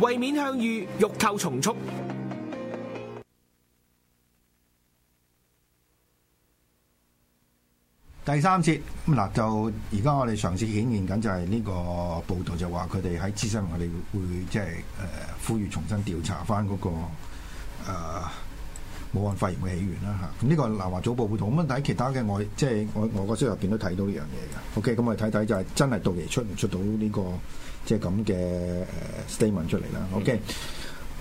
為免向隅，欲購從速。第三節，咁嗱，就而家我哋嘗試顯現緊就係呢個報道就話佢哋喺諮詢，我哋會即係誒呼籲重新調查翻、那、嗰個誒、呃、武漢肺炎嘅起源啦吓。咁、這、呢個南華早報報道咁啊其他嘅、就是、我即係我我個入邊都睇到呢樣嘢噶。OK，咁我哋睇睇就係真係到時出唔出到呢、這個？即係咁嘅 statement 出嚟啦，OK，、嗯、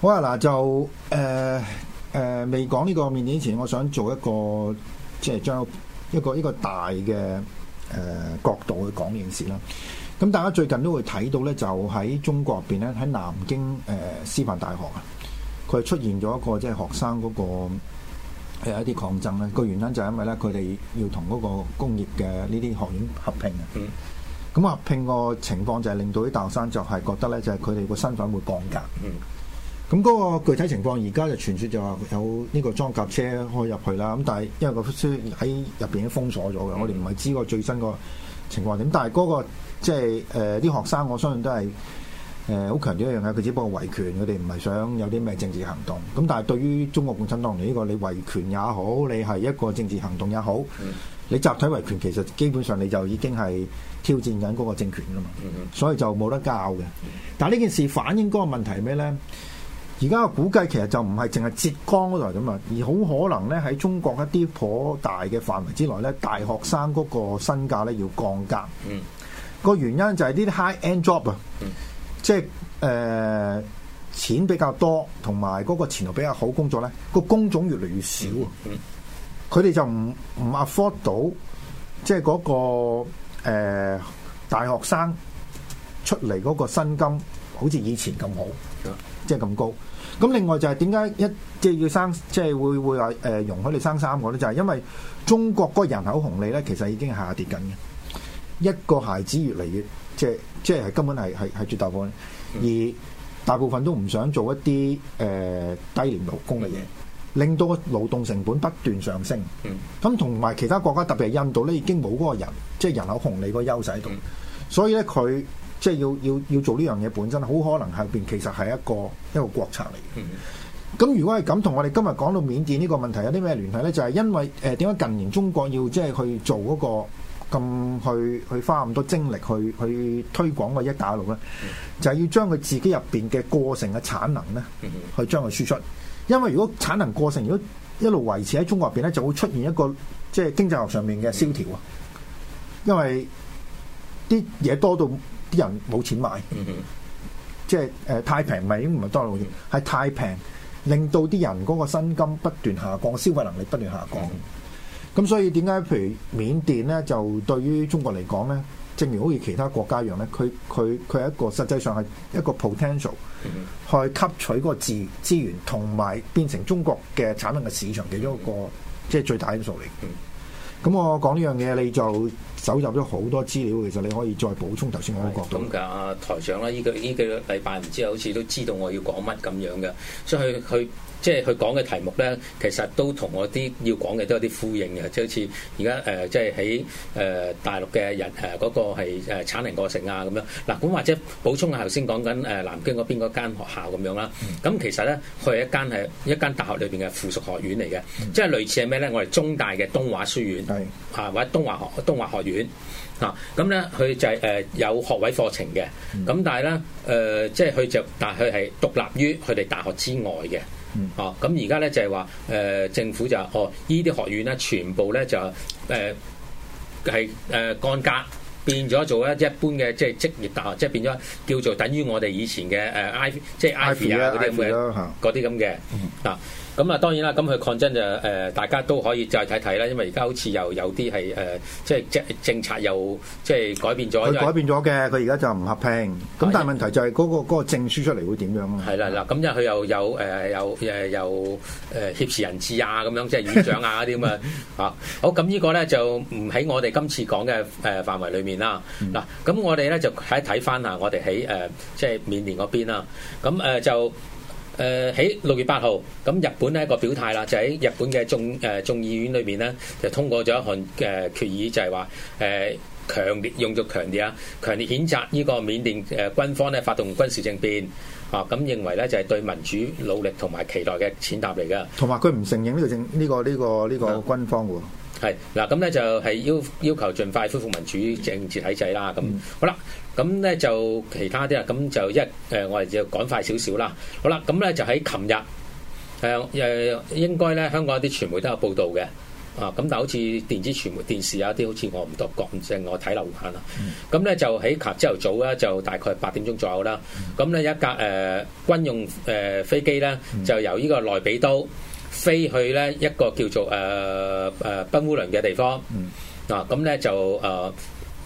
好啊，嗱，就誒誒未講呢個面前，我想做一個即係將一個一個大嘅誒、呃、角度去講呢件事啦。咁大家最近都會睇到咧，就喺中國入邊咧，喺南京誒師範大學啊，佢出現咗一個即係學生嗰、那個誒、呃、一啲抗爭咧，個原因就係因為咧佢哋要同嗰個工業嘅呢啲學院合併啊。嗯咁合拼個情況就係令到啲大學生就係覺得呢，就係佢哋個身份會降格、嗯。咁嗰個具體情況而家就傳說就話有呢個裝甲車開入去啦。咁但係因為個車喺入面已經封鎖咗嘅，我哋唔係知個最新個情況點。但係嗰、嗰個即係誒啲學生，我相信都係好、呃、強調一樣嘅，佢只不過維權，佢哋唔係想有啲咩政治行動。咁但係對於中國共產黨嚟呢、呢個，你維權也好，你係一個政治行動也好。嗯你集體維權其實基本上你就已經係挑戰緊嗰個政權噶嘛，所以就冇得教嘅。但係呢件事反映嗰個問題係咩呢？而家我估計其實就唔係淨係浙江嗰度係咁啊，而好可能呢喺中國一啲頗大嘅範圍之內呢，大學生嗰個身價呢要降價。個、嗯、原因就係啲 high end job 啊、嗯，即係誒錢比較多同埋嗰個前途比較好工作呢，嗰個工種越嚟越少啊。嗯嗯佢哋就唔唔 afford 到，即係嗰個、呃、大學生出嚟嗰個薪金，好似以前咁好，即係咁高。咁另外就係點解一即係、就是、要生，即、就、係、是、會會話誒容許你生三個咧？就係、是、因為中國嗰個人口紅利咧，其實已經下跌緊嘅。一個孩子越嚟越即係即係根本係係係絕大部分，而大部分都唔想做一啲誒、呃、低廉勞工嘅嘢。令到個勞動成本不斷上升，咁同埋其他國家特別係印度咧已經冇嗰個人即係、就是、人口紅利嗰個優勢喺度，所以咧佢即係要要要做呢樣嘢本身，好可能喺入邊其實係一個一個國策嚟嘅。咁如果係咁，同我哋今日講到緬甸呢個問題有啲咩聯繫呢？就係、是、因為誒點解近年中國要即係、就是、去做嗰、那個咁去去花咁多精力去去推廣個一帶一路呢，就係、是、要將佢自己入邊嘅過剩嘅產能呢，去將佢輸出。因為如果產能過剩，如果一路維持喺中國入邊咧，就會出現一個即係經濟學上面嘅蕭條啊！因為啲嘢多到啲人冇錢買，嗯嗯即係誒太平唔係已經唔係多路嘅，係、嗯、太平令到啲人嗰個薪金不斷下降，消費能力不斷下降。咁、嗯、所以點解譬如緬甸咧，就對於中國嚟講咧？正如好似其他國家一樣咧，佢佢佢係一個實際上係一個 potential、嗯、去吸取嗰個資源，同埋變成中國嘅產品嘅市場其中一個即係、嗯就是、最大因素嚟。咁、嗯嗯、我講呢樣嘢，你就搜集咗好多資料，其實你可以再補充頭先嗰個角度。咁嘅啊，台長呢依個依、呢個禮拜唔知好似都知道我要講乜咁樣嘅，所以佢。即係佢講嘅題目咧，其實都同我啲要講嘅都有啲呼應嘅、呃，就好似而家誒，即係喺誒大陸嘅人誒嗰、呃那個係誒、呃、產能過程啊咁樣嗱。咁或者補充下頭先講緊誒、呃、南京嗰邊嗰間學校咁樣啦。咁其實咧，佢係一間誒一間大學裏邊嘅附屬學院嚟嘅、嗯，即係類似係咩咧？我哋係中大嘅東華書院，係、啊、或者東華學東華學院啊。咁咧佢就係、是、誒、呃、有學位課程嘅，咁、嗯、但係咧誒即係佢就但係佢係獨立於佢哋大學之外嘅。嗯、哦，咁而家咧就係話、呃，政府就哦，呢啲學院咧全部咧就誒係、呃呃、降格，變咗做一一般嘅即係職業大學，即、係、變咗叫做等於我哋以前嘅誒 I 即係 Ivy 啊嗰啲咁嘅啲咁嘅咁啊，當然啦，咁佢抗爭就誒、大家都可以再睇睇啦，因為而家好似又有啲係誒即係政政策又即係改變咗。佢改變咗嘅，佢而家就唔合拼。咁、啊、但係問題就係嗰、嗰個嗰、嗰個證書出嚟會點樣啊？係啦，嗱，咁因為佢又有誒、呃、有誒、呃、有誒挾、呃、持人質啊，咁樣即係院長啊啲咁啊嚇。好，咁呢個咧就唔喺我哋今次講嘅誒範圍裡面啦。嗱，咁、嗯、我哋咧就睇睇翻我哋喺誒即係緬甸嗰邊啦。咁、啊、就。誒喺六月八號，咁日本咧個表態啦，就喺日本嘅眾誒、呃、眾議院裏邊呢，就通過咗一項誒決議就，就係話誒強烈用作強烈啊，強烈譴責呢個緬甸誒軍方咧發動軍事政變啊。咁認為咧就係、是、對民主努力同埋期待嘅踐踏嚟嘅，同埋佢唔承認呢個政呢、呢個呢、呢個呢、呢個軍方喎。係，嗱咁咧就係要要求盡快恢復民主政治體制啦。咁、嗯、好啦，咁咧就其他啲啦，咁就一、呃、我哋就趕快少少啦。好啦，咁咧就喺琴日誒誒應該咧香港一啲傳媒都有報道嘅，啊咁但係好似電子傳媒、電視啊啲好似我唔多講，即係我睇樓下啦。咁咧就喺今朝頭早咧就大概八點鐘左右啦。咁咧一架誒、呃、軍用誒、呃、飛機咧就由呢個內比都。飛去咧一個叫做誒誒賓烏倫嘅地方，嗱咁咧就誒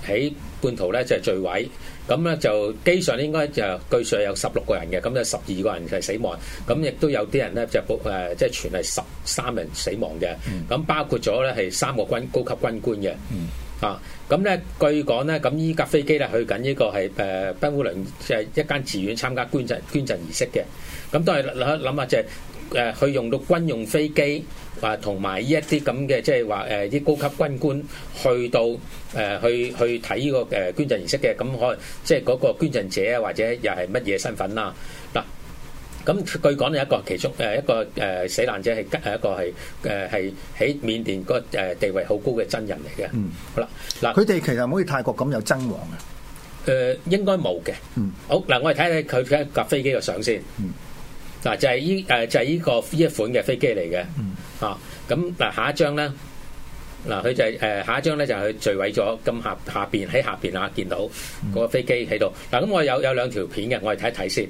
喺半途咧就係墜毀，咁咧就機上應該就據説有十六個人嘅，咁咧十二個人係死亡，咁亦都有啲人咧就誒即係全係十三人死亡嘅，咁包括咗咧係三個軍高級軍官嘅，啊咁咧據講咧咁依架飛機咧去緊依個係誒賓烏倫即係一間寺院參加捐贈捐贈儀式嘅，咁都係諗諗下即係。誒去用到軍用飛機啊，同埋依一啲咁嘅，即係話誒啲高級軍官去到誒去去睇依個誒捐贈儀式嘅，咁可能即係嗰個捐贈者啊，或者又係乜嘢身份啦？嗱，咁據講有一個其中誒一個誒死難者係係一個係誒係喺緬甸個誒地位好高嘅真人嚟嘅。嗯，好啦，嗱，佢哋其實唔可以泰國咁有爭王啊？誒，應該冇嘅。嗯，好嗱，我哋睇睇佢架飛機嘅相先。嗯。嗱，就係呢，誒就係呢個呢一款嘅飛機嚟嘅，啊，咁，嗱，下一張咧，嗱佢就係誒，下一張咧就係佢墜毀咗，咁下，下邊喺下邊啊，見到嗰個飛機喺度。嗱，咁我有有兩條片嘅，我哋睇一睇先。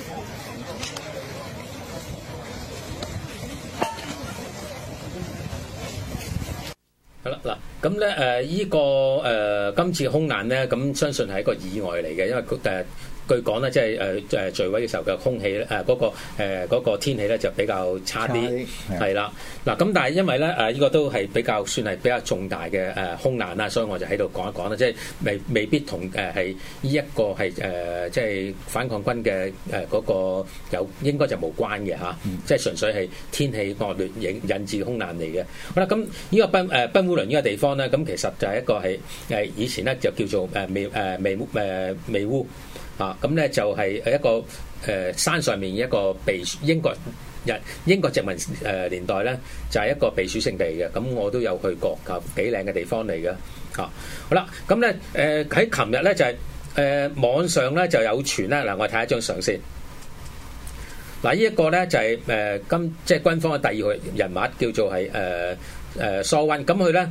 好啦，嗱，咁咧誒，依個誒，今次空難咧，咁相信係一個意外嚟嘅，因為佢誒。呃據講咧，即係誒誒墜毀嘅時候嘅空氣咧，嗰、呃嗰個呃嗰個天氣咧就比較差啲，係啦。嗱咁，是是但係因為咧誒呢個都係比較算係比較重大嘅、呃、空難啦，所以我就喺度講一講啦，即係未未必同誒、呃、係呢一個係、呃、即係反抗軍嘅誒嗰個有應該就無關嘅、啊嗯、即係純粹係天氣惡劣引引致空難嚟嘅。好啦，咁呢個賓誒賓烏倫呢個地方咧，咁其實就係一個係、呃、以前咧就叫做誒微烏。呃呃啊，咁咧就係誒一個誒、呃、山上面一個避英國人英國殖民誒、呃、年代咧，就係、是、一個避暑勝地嘅，咁我都有去過，幾靚嘅地方嚟嘅。嚇、啊，好啦，咁咧誒喺琴日咧就係、是、誒、呃、網上咧就有傳咧，嗱、啊、我睇下張相先。嗱、啊這個、呢一個咧就係誒今即係軍方嘅第二號人物叫做係誒誒蘇韻，咁佢咧。呃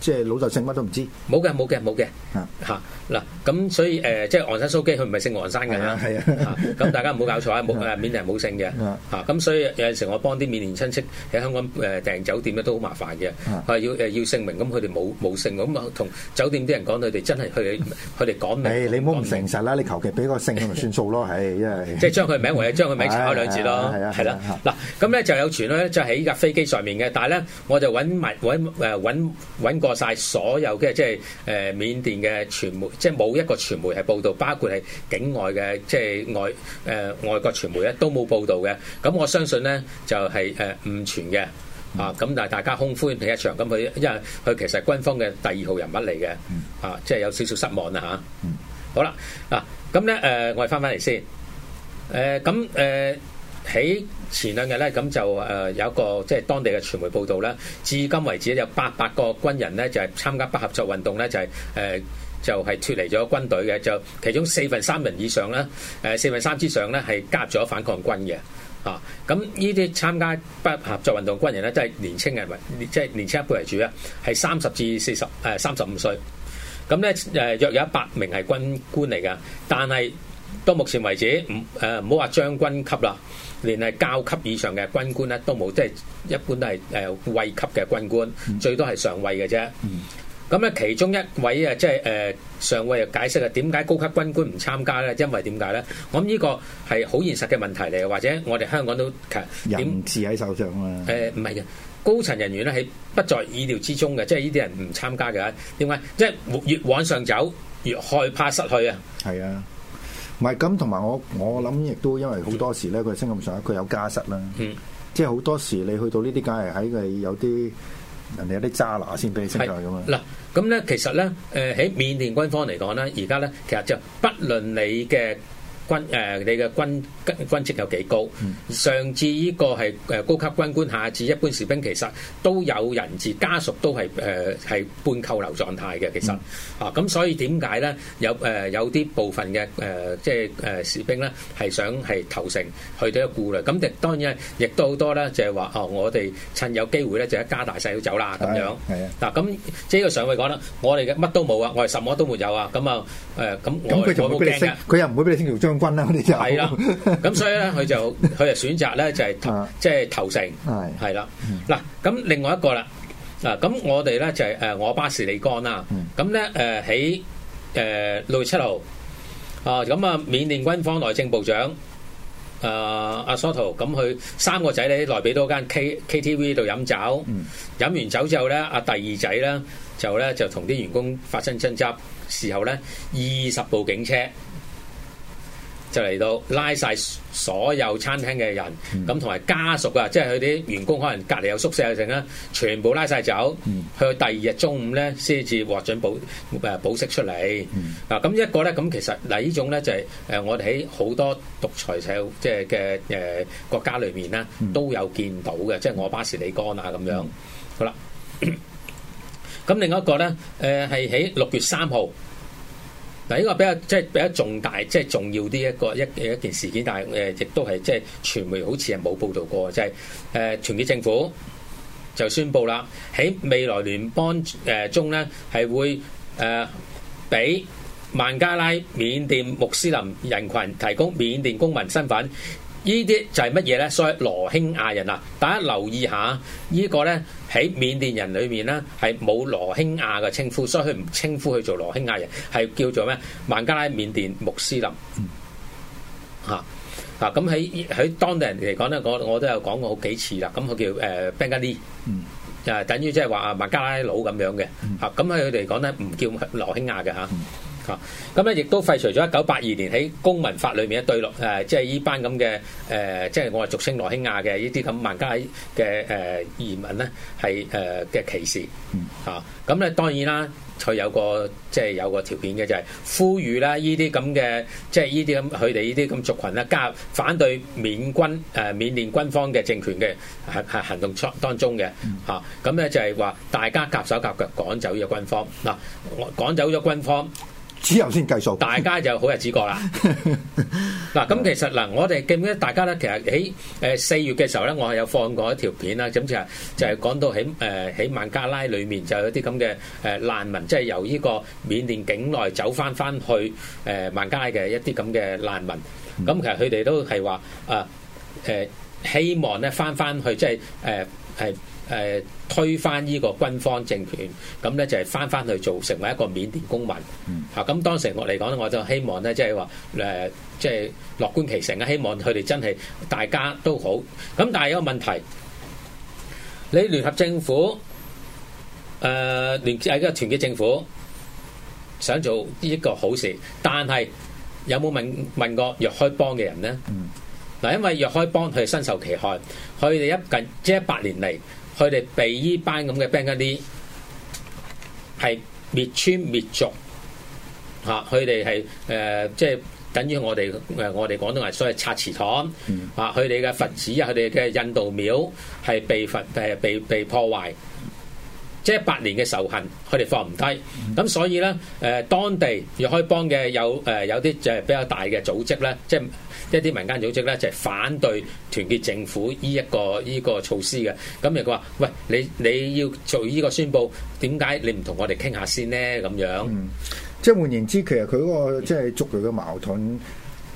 即係老豆姓乜都唔知，冇嘅冇嘅冇嘅，嚇嗱咁，的是啊啊、所以誒、呃，即係昂山蘇基，佢唔係姓昂山嘅嚇，係啊，咁、啊啊啊、大家唔好搞錯啊，冇誒，緬甸係冇姓嘅，嚇咁、啊，啊、所以有陣時我幫啲緬甸親戚喺香港誒訂、呃、酒店咧都好麻煩嘅，係、啊、要誒要姓名，咁佢哋冇冇姓，咁啊同酒店啲人講，佢哋真係佢哋佢哋講明，你唔好唔誠實啦、啊，你求其俾個姓咪算數咯，唉、啊，因為即係將佢名或者將佢名抄兩字咯，係啦，係啦，嗱咁咧就有傳咧，就喺架飛機上面嘅，但係咧我就揾埋揾誒揾過晒所有嘅，即係誒緬甸嘅傳媒，即係冇一個傳媒係報道，包括係境外嘅即係外誒、呃、外國傳媒咧都冇報道嘅。咁我相信咧就係誒誤傳嘅啊。咁但係大家空歡喜一場。咁佢因為佢其實係軍方嘅第二號人物嚟嘅啊，即係有少少失望啦吓。好啦嗱，咁咧誒我哋翻翻嚟先誒，咁誒起。呃前兩日咧，咁就誒有一個即係、就是、當地嘅傳媒報道咧，至今為止有八百個軍人咧，就係、是、參加不合作運動咧，就係、是、誒、呃、就係、是、脱離咗軍隊嘅，就其中四分三人以上咧，誒四分三之上咧係加入咗反抗軍嘅，啊！咁呢啲參加不合作運動軍人咧，都、就、係、是、年青人為，即、就、係、是、年青一輩為主啊，係三十至四十誒三十五歲。咁咧誒約有一百名係軍官嚟㗎，但係到目前為止唔誒唔好話將軍級啦。連係校級以上嘅軍官咧都冇，即係一般都係誒尉級嘅軍官，嗯、最多係上尉嘅啫。嗯咁咧其中一位啊，即係誒上尉又解釋啊，點解高級軍官唔參加咧？因為點解咧？我諗呢個係好現實嘅問題嚟嘅，或者我哋香港都其實人事喺手上啊。誒唔係啊，高層人員咧係不在意料之中嘅，即係呢啲人唔參加嘅。點解？即係越往上走越害怕失去啊。係啊。唔係咁，同埋我我諗亦都因為好多時咧，佢係升咁上，佢有加實啦。嗯，即係好多時你去到你、嗯、呢啲，梗係喺佢有啲人哋有啲渣拿先俾你升上去咁嘛。嗱，咁咧其實咧，喺、呃、緬甸軍方嚟講咧，而家咧其實就不論你嘅。軍、呃、你嘅軍軍職有幾高、嗯？上至呢個係高級軍官，下至一般士兵，其實都有人質家屬都係，都係誒係半扣留狀態嘅。其實、嗯、啊，咁所以點解咧有誒、呃、有啲部分嘅、呃、即、呃、士兵咧係想係投誠去到一個顧慮咁，當然亦都好多咧就係話哦，我哋趁有機會咧就一家大細都走啦咁樣。係啊，嗱咁、啊、即係上位講啦，我哋嘅乜都冇啊，我哋什麼都冇有啊，咁啊咁，咁佢就冇驚佢又唔會俾你清條章。軍啦，佢哋就係啦，咁所以咧，佢就佢就選擇咧，就係即係投誠，係係啦。嗱，咁另外一個啦，嗱，咁我哋咧就係誒，我巴士利干啦。咁咧，誒喺誒六月七號啊，咁啊緬甸軍方內政部長誒阿梭圖，咁佢三個仔咧喺內俾多間 K K T V 度飲酒，飲完酒之後咧，阿第二仔咧就咧就同啲員工發生爭執，事後咧二十部警車。就嚟到拉晒所有餐廳嘅人，咁同埋家屬啊，即係佢啲員工可能隔離有宿舍嗰陣啦，全部拉晒走、嗯。去第二日中午咧先至獲準保誒保釋出嚟。嗱、嗯、咁、啊、一個咧，咁其實嗱呢種咧就係、是、誒、呃、我哋喺好多獨裁社，即係嘅誒國家裏面咧、嗯、都有見到嘅，即係我巴士尼幹啊咁樣。好啦，咁 另一個咧誒係喺六月三號。嗱，呢個比較即係比較重大、即係重要啲一,一個一一件事件，但係誒亦都係即係傳媒好似係冇報道過，就係誒，團、呃、結政府就宣布啦，喺未來聯邦誒中咧係會誒俾孟加拉緬甸穆斯林人群提供緬甸公民身份。依啲就係乜嘢咧？所謂羅興亞人啦，大家留意下依個咧，喺緬甸人裏面咧係冇羅興亞嘅稱呼，所以佢唔稱呼佢做羅興亞人，係叫做咩？孟加拉緬甸穆斯林。嗯。嚇！嗱，咁喺喺當地人嚟講咧，我我都有講過好幾次啦。咁佢叫誒 Bengali，嗯，就係等於即係話孟加拉佬咁樣嘅。嗯。嚇！咁喺佢哋講咧，唔叫羅興亞嘅嚇。咁、嗯、咧，亦都廢除咗一九八二年喺公民法裏面一對落誒、啊，即係呢班咁嘅誒，即係我話俗稱羅興亞嘅呢啲咁萬家嘅誒、呃、移民咧，係誒嘅歧視。嚇咁咧，嗯嗯、當然啦，佢有個即係、就是、有個條件嘅，就係呼籲啦，呢啲咁嘅，即係呢啲咁佢哋呢啲咁族群咧加入反對緬軍誒、呃、緬甸軍方嘅政權嘅行行行動當中嘅嚇。咁、嗯、咧、嗯嗯嗯、就係、是、話大家夾手夾腳趕走呢個軍方嗱、啊，趕走咗軍方。啊之後先計數，大家就好日子過啦。嗱，咁其實嗱，我哋記唔記得大家咧？其實喺誒四月嘅時候咧，我係有放過一條片啦。咁就係就係講到喺誒喺孟加拉裡面，就有啲咁嘅誒難民，即係由呢個緬甸境內走翻翻去誒孟加拉嘅一啲咁嘅難民。咁其實佢哋都係話啊誒，希望咧翻翻去，即係誒係。推翻呢個軍方政權，咁咧就係翻翻去做，成為一個緬甸公民。嚇、嗯、咁、啊、當時我嚟講咧，我就希望咧，即係話即係樂觀其成啊！希望佢哋真係大家都好。咁但係有個問題，你聯合政府誒、呃、聯誒個團結政府想做呢一個好事，但係有冇問問過若開邦嘅人咧？嗱、嗯，因為若開邦佢係身受其害，佢哋一近即係一百年嚟。佢哋被依班咁嘅 bandit 係滅村滅族嚇，佢哋係誒即係等於我哋誒我哋廣東人所謂，所以拆祠堂啊！佢哋嘅佛寺啊，佢哋嘅印度廟係被佛誒被被破壞，即係八年嘅仇恨，佢哋放唔低。咁、嗯、所以咧誒、呃，當地若可以幫嘅有誒、呃、有啲誒比較大嘅組織咧，即、就、係、是。一啲民間組織咧就係、是、反對團結政府呢、這、一個依、這個措施嘅，咁亦佢話：喂，你你要做呢個宣佈，點解你唔同我哋傾下先呢？」咁樣。嗯、即係換言之，其實佢嗰、那個即係、就是、捉佢嘅矛盾，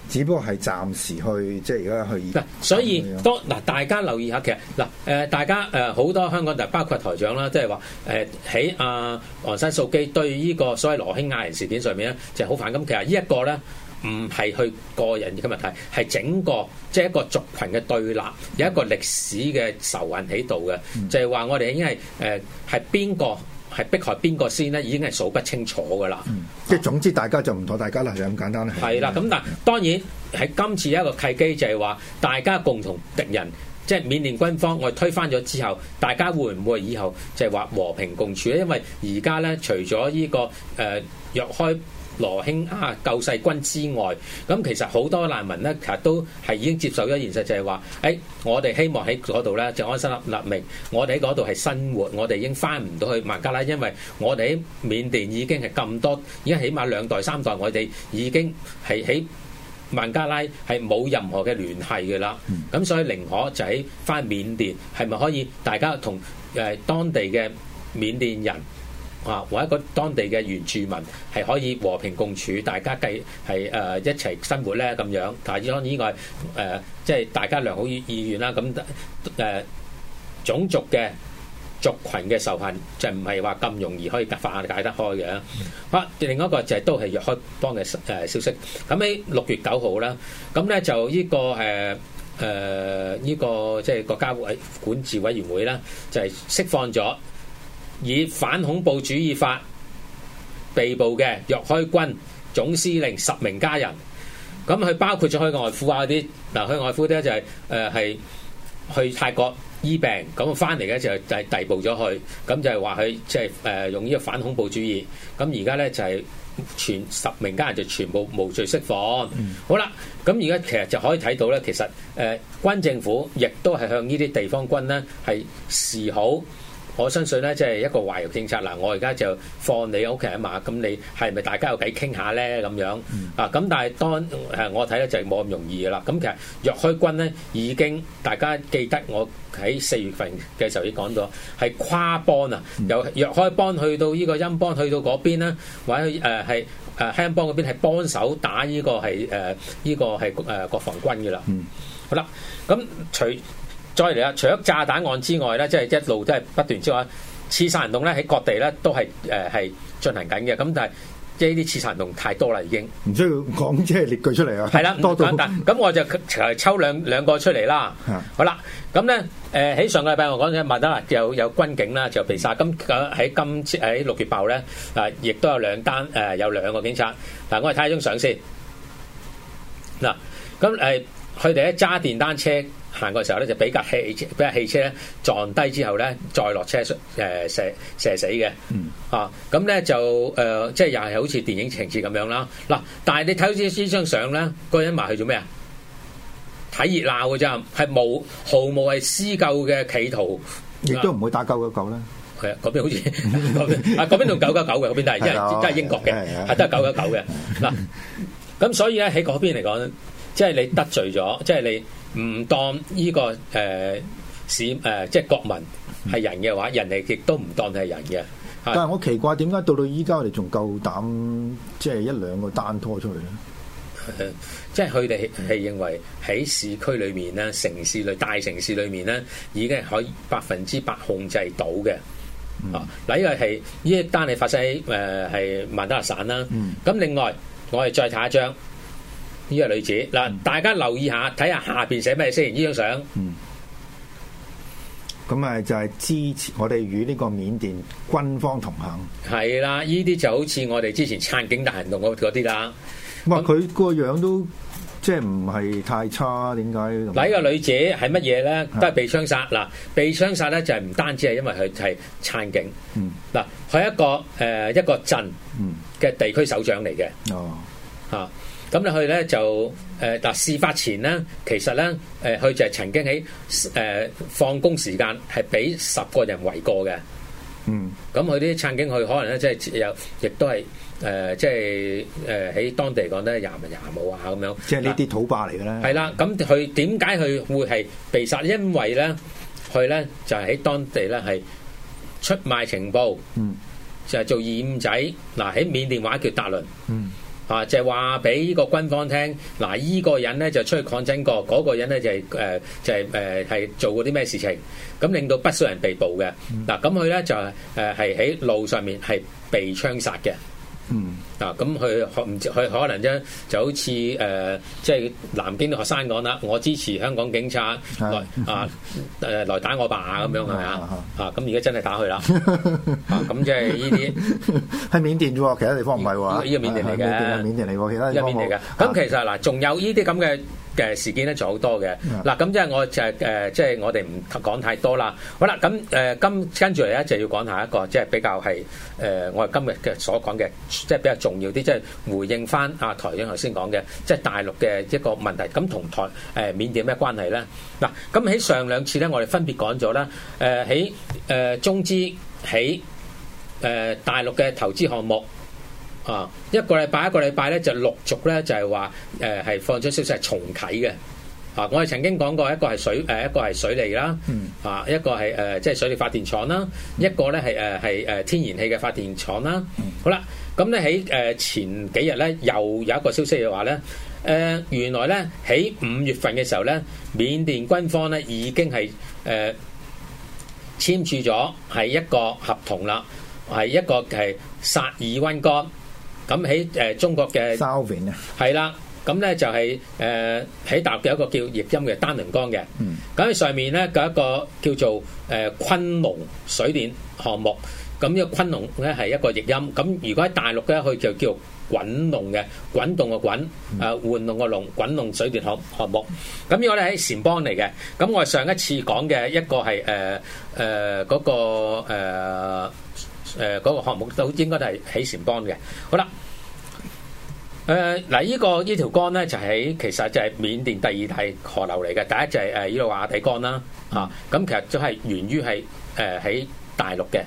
只不過係暫時去，即係而家去。嗱，所以當嗱大家留意一下，其實嗱誒，大家誒好、呃、多香港人，包括台長啦，即係話誒喺阿昂山素姬對呢個所謂羅興亞人事件上面咧，就係、是、好反感。其實這呢一個咧。唔、嗯、係去個人嘅家問題，係整個即係、就是、一個族群嘅對立，有一個歷史嘅仇怨喺度嘅，就係、是、話我哋已經係誒係邊個係迫害邊個先咧，已經係數不清楚噶啦、嗯。即係總之大家就唔妥大家、嗯、啦，係咁簡單啦。係啦，咁但係當然喺今次有一個契機就係話大家共同敵人，即、就、係、是、緬甸軍方我哋推翻咗之後，大家會唔會以後就係話和平共處咧？因為而家咧除咗呢、這個誒、呃、若開。羅興亞、啊、救世軍之外，咁其實好多難民咧，其實都係已經接受咗現實就是說，就係話：誒，我哋希望喺嗰度咧就安身立立命，我哋喺嗰度係生活，我哋已經返唔到去孟加拉，因為我哋喺緬甸已經係咁多，而家起碼兩代三代，我哋已經係喺孟加拉係冇任何嘅聯繫㗎喇。咁、嗯、所以寧可就喺返緬甸，係咪可以大家同誒、呃、當地嘅緬甸人？啊，或者個當地嘅原住民係可以和平共處，大家計係誒、呃、一齊生活咧咁樣。但係當然依個誒，即、呃、係、就是、大家良好意意願啦。咁、啊、誒、呃、種族嘅族群嘅仇恨就唔係話咁容易可以化解，解得開嘅。好、啊，另一個就係都係若開邦嘅誒、呃、消息。咁喺六月九號啦，咁咧就呢、這個誒誒依個即係國家委管治委員會啦，就係、是、釋放咗。以反恐怖主義法被捕嘅若開軍總司令十名家人，咁佢包括咗佢外父啊啲，嗱佢外父咧就係誒係去泰國醫病，咁翻嚟咧就係逮捕咗佢，咁就係話佢即係誒用呢個反恐怖主義，咁而家咧就係、是、全十名家人就全部無罪釋放。嗯、好啦，咁而家其實就可以睇到咧，其實誒、呃、軍政府亦都係向呢啲地方軍咧係示好。我相信咧，即係一個懷柔政策嗱，我而家就放你屋企吖嘛，咁你係咪大家有偈傾下咧？咁樣啊，咁但係當誒我睇咧就冇咁容易嘅啦。咁其實若開軍咧已經大家記得我喺四月份嘅時候已經講咗，係跨邦啊，由若開邦去到呢個欽邦去到嗰邊咧，或者誒係誒欽邦嗰邊係幫手打呢個係誒呢個係誒國防軍嘅啦。嗯、好啦，咁除。隨再嚟啦！除咗炸彈案之外咧，即係一路都係不斷之外刺殺行動咧，喺各地咧都係誒係進行緊嘅。咁但係即係呢啲刺殺行動太多啦，已經唔需要講即係列舉出嚟啊。係啦，唔簡單。咁我就嚟抽兩兩個出嚟啦。好啦，咁咧誒喺上個禮拜我講緊麥德有有軍警啦就被殺。今喺今喺六月八號咧，啊亦都有兩單誒有兩個警察。嗱，我哋睇下張相先。嗱，咁誒佢哋一揸電單車。行過嘅時候咧，就俾架汽俾架汽車，架汽車撞低之後咧，再落車誒、呃、射射死嘅。嗯、啊，咁咧就誒、呃，即係又係好似電影情節咁樣啦。嗱、啊，但係你睇好似呢張相咧，嗰人埋去做咩啊？睇熱鬧嘅啫，係毫無係施救嘅企圖，亦都唔會打九九九啦。係啊，嗰邊好似嗰 邊啊，嗰邊仲 九九九嘅，嗰邊都係英國嘅，係都係九九九嘅。嗱，咁所以咧喺嗰邊嚟講，即係你得罪咗， 即係你。唔當呢、這個誒、呃、市誒即係國民係人嘅話，嗯、人哋亦都唔當佢係人嘅。嗯、是但係我奇怪點解到到依家我哋仲夠膽即係一兩個單拖出嚟咧？即係佢哋係認為喺市區裏面咧、城市裏、大城市裏面咧，已經係可以百分之百控制到嘅、嗯。啊，嗱，呢個係依一單係發生喺誒係曼德勒省啦。嗯。咁另外，我哋再睇一張。呢、這個女子嗱，大家留意下，睇下下邊寫咩先？呢張相嗯，咁、嗯、咪就係、是、支持我哋與呢個緬甸軍方同行。係啦、啊，呢啲就好似我哋之前撐警大行動嗰啲啦。哇，佢個樣都即係唔係太差，點解？嗱，呢個女子係乜嘢咧？都係被槍殺。嗱、啊，被槍殺咧就係唔單止係因為佢係撐警。嗯，嗱，佢係一個誒、呃、一個鎮嗯嘅地區首長嚟嘅、嗯。哦，嚇。咁咧佢咧就誒嗱、呃、事發前咧，其實咧誒佢就係曾經喺誒、呃、放工時間係俾十個人圍過嘅。嗯。咁佢啲撐警佢可能咧即係有，亦都係誒即係誒喺當地嚟講咧，牙唔牙冇啊咁樣。即係呢啲土霸嚟嘅啦。係啦，咁佢點解佢會係被殺？因為咧，佢咧就係、是、喺當地咧係出賣情報，嗯、就係、是、做二五仔。嗱，喺緬甸話叫達倫。嗯。啊，就係話俾個軍方聽，嗱，依個人咧就出去抗爭過，嗰個人咧就係誒，就係誒，係做過啲咩事情，咁令到不少人被捕嘅。嗱，咁佢咧就係誒，係喺路上面係被槍殺嘅。嗯、啊，嗱，咁佢學唔去，可能啫就好似誒，即、呃、係、就是、南邊學生講啦，我支持香港警察來啊，來打我爸咁樣係咪啊？啊，咁、啊啊啊啊啊 啊、而家真係打佢啦，咁即係呢啲係緬甸啫，其他地方唔係喎。呢個緬甸嚟嘅，緬甸嚟嘅，緬甸嚟嘅，其他地方我咁其實嗱，仲有呢啲咁嘅。嘅事件咧、嗯啊、就好多嘅，嗱咁即係我就係誒，即係我哋唔講太多啦。好啦，咁誒今跟住嚟咧就要講下一個，即係比較係誒、呃，我哋今日嘅所講嘅，即係比較重要啲，即係回應翻啊台長頭先講嘅，即係大陸嘅一個問題。咁同台誒緬甸咩關係咧？嗱、啊，咁喺上兩次咧，我哋分別講咗啦，誒喺誒中資，喺誒、呃、大陸嘅投資項目。啊，一個禮拜一個禮拜咧，就陸續咧就係話係放出消息係重啟嘅。啊，我哋曾經講過一個係水誒一個係水利啦，啊一個係即係水力發電廠啦，一個咧係、呃呃、天然氣嘅發電廠啦、嗯。好啦，咁咧喺前幾日咧，又有一個消息嘅話咧、呃、原來咧喺五月份嘅時候咧，緬甸軍方咧已經係誒、呃、簽署咗係一個合同啦，係一個係薩爾温江。咁喺誒中國嘅，係啦，咁咧就係誒起搭嘅一個叫譯音嘅丹棱江嘅，咁喺上面咧個一個叫做誒昆龍水電項目，咁呢個昆龍咧係一個譯音，咁如果喺大陸咧佢就叫做滾龍嘅滾動嘅滾，誒玩弄嘅龍，滾龍水電項項目，咁呢個咧喺撣邦嚟嘅，咁我哋上一次講嘅一個係誒誒嗰個誒誒嗰個項目都應該都係喺撣邦嘅，好啦。誒，嗱，依個依條江咧就喺其實就係緬甸第二大河流嚟嘅，第一就係誒依個瓦底江啦，吓，咁其實都係源於係誒喺大陸嘅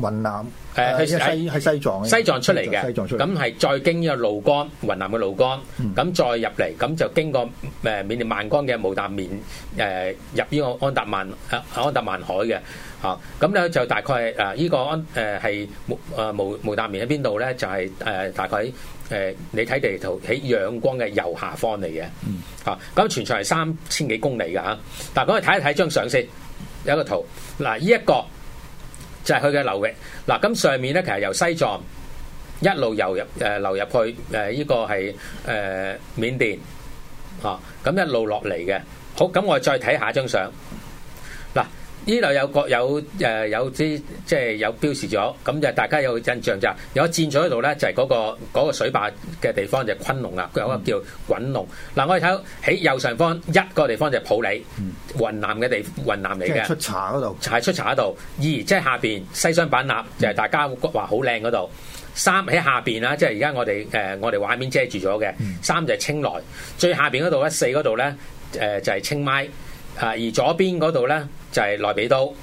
雲南，誒喺西喺西藏西藏出嚟嘅，咁係再經依個怒江，雲南嘅怒江，咁再入嚟，咁就經過誒緬甸曼江嘅毛淡棉，誒入依個安達曼，安安達曼海嘅。啊，咁咧就大概誒依個誒係誒毛毛淡棉喺邊度咧？就係誒大概喺誒你睇地圖喺仰光嘅右下方嚟嘅。啊，咁全長係三千幾公里嘅嚇。嗱，咁我睇一睇張相先，有一個圖。嗱，依一個就係佢嘅流域。嗱，咁上面咧其實由西藏一路流入誒流入去誒依個係誒緬甸。啊，咁一路落嚟嘅。好，咁我再睇下張相。呢度有個有誒、呃、有啲即係有標示咗，咁就大家有印象就係有戰咗喺度咧，就係嗰個嗰個水壩嘅地方就係昆龍啦，佢、嗯、有個叫滾龍嗱、嗯。我哋睇喺右上方一個地方就係普洱雲南嘅地雲南嚟嘅出茶嗰度，係出茶嗰度二即係下邊西雙版納就係、是、大家話好靚嗰度三喺下邊啦，即係而家我哋、呃、我哋畫面遮住咗嘅三就係清萊、嗯、最下邊嗰度咧四嗰度咧就係、是、清邁啊、呃，而左邊嗰度咧。就係、是、內比都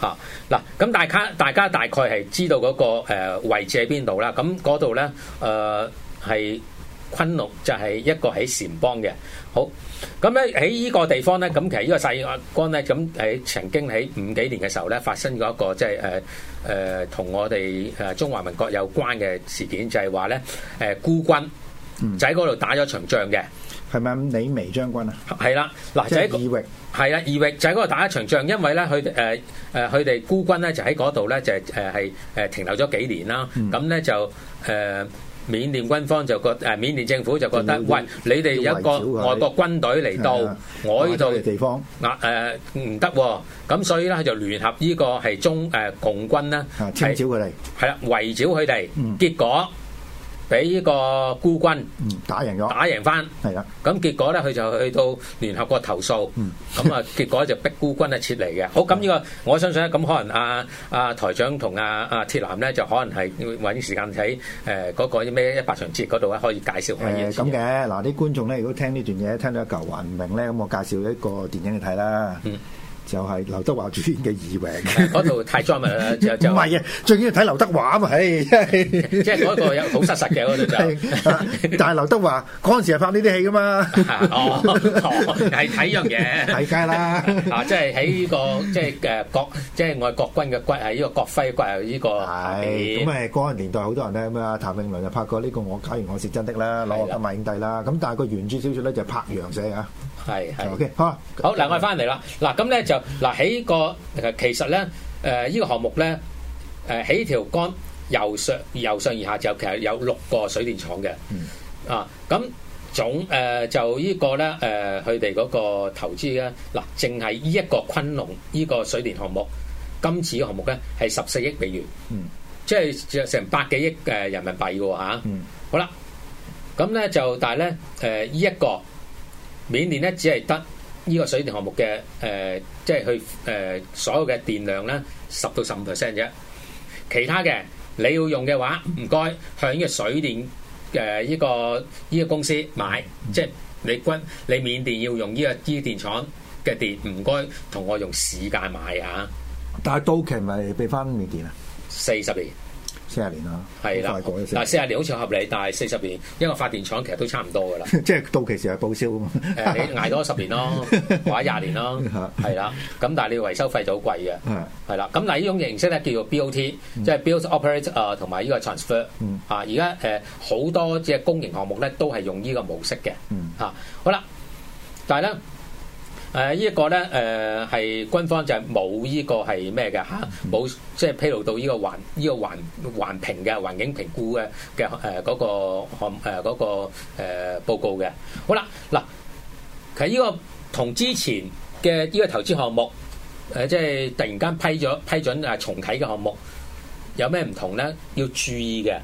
嚇嗱，咁、啊、大家大家大概係知道嗰、那個、呃、位置喺邊度啦。咁嗰度咧誒係昆陸，就係、是、一個喺撣邦嘅好。咁咧喺依個地方咧，咁其實個呢個細阿幹咧，咁喺曾經喺五幾年嘅時候咧，發生過一個即係誒誒同我哋誒中華民國有關嘅事件，就係話咧誒孤軍、嗯、就喺嗰度打咗場仗嘅，係咪李彌將軍啊，係啦，嗱喺二域。係啦，異域就喺嗰度打一場仗，因為咧佢誒誒佢哋孤軍咧就喺嗰度咧就係誒係誒停留咗幾年啦。咁咧就誒緬甸軍方就覺得，誒緬甸政府就覺得，喂，你哋有一個外國軍隊嚟到我呢度嘅地方，誒唔得喎。咁所以咧就聯合呢個係中誒共軍啦，圍剿佢哋，係啦，圍剿佢哋，結果。俾依個孤軍打贏咗，打贏翻，係啦。咁結果咧，佢就去到聯合國投訴，咁啊結果就逼孤軍啊撤離嘅。好，咁呢個我相信咧，咁可能阿阿台長同阿阿鐵男咧，就可能係揾時間喺誒嗰個咩一百場節嗰度咧，可以介紹下嘢。誒，咁嘅嗱，啲觀眾咧，如果聽呢段嘢聽到一嚿還唔明咧，咁我介紹一個電影你睇啦。就係、是、劉德華主演嘅耳榮，嗰度太裝模啦，就就唔係啊！最緊要睇劉德華啊嘛，唉，即係嗰個有好實實嘅嗰度就 但係劉德華嗰陣時係拍呢啲戲噶嘛 哦，哦，係睇樣嘢睇街啦，嗱、就是這個，即係喺呢個即係誒國即係愛國軍嘅骨，係呢個國徽骨，係呢個，咁誒嗰年代好多人咧咁啊，譚詠麟就拍過呢個我假如我是真的啦，攞我金馬影帝啦，咁但係個原著小說咧就是柏楊寫啊。係係，好嘅，okay, 好，好、啊，嗱，我哋翻嚟啦。嗱，咁咧就嗱，喺、這個其實咧，誒、呃，依、這個項目咧，誒、呃，起條江由上由上而下就其實有六個水電廠嘅、嗯，啊，咁總誒、呃、就個呢個咧，誒、呃，佢哋嗰個投資咧，嗱、呃，淨係呢一個昆龍呢、這個水電項目，今次嘅項目咧係十四億美元，嗯，即係成百幾億人民幣吓、啊嗯，好啦，咁咧就但係咧，誒、呃，一、這個。緬甸咧只係得呢個水電項目嘅，誒，即係去誒所有嘅電量咧十到十五 percent 啫。其他嘅你要用嘅話，唔該向呢個水電嘅呢個呢個公司買，嗯，即係你軍你緬甸要用呢個呢個電廠嘅電，唔該同我用市價買啊。但係到期咪俾翻緬甸啊？四十年。四十年啦，係啦，嗱四十年好似合理，但係四十年因為發電廠其實都差唔多噶啦，即 係到期時係報銷噶嘛，誒、呃、你捱多十年咯， 或者廿年咯，係 啦，咁但係你維修費就好貴嘅，係啦，咁嗱呢種形式咧叫做 BOT，、嗯、即係 build operate 啊、呃、同埋呢個 transfer，、嗯、啊而家誒好多即係公營項目咧都係用呢個模式嘅、嗯，啊好啦，但係咧。誒依一個咧，誒、呃、係軍方就係冇呢個係咩嘅嚇，冇即係披露到呢個環依、呢個環環評嘅環境評估嘅嘅誒嗰個項誒嗰個誒報告嘅。好啦，嗱，其實依個同之前嘅呢個投資項目誒，即、啊、係、就是、突然間批咗批准啊重啟嘅項目，有咩唔同咧？要注意嘅，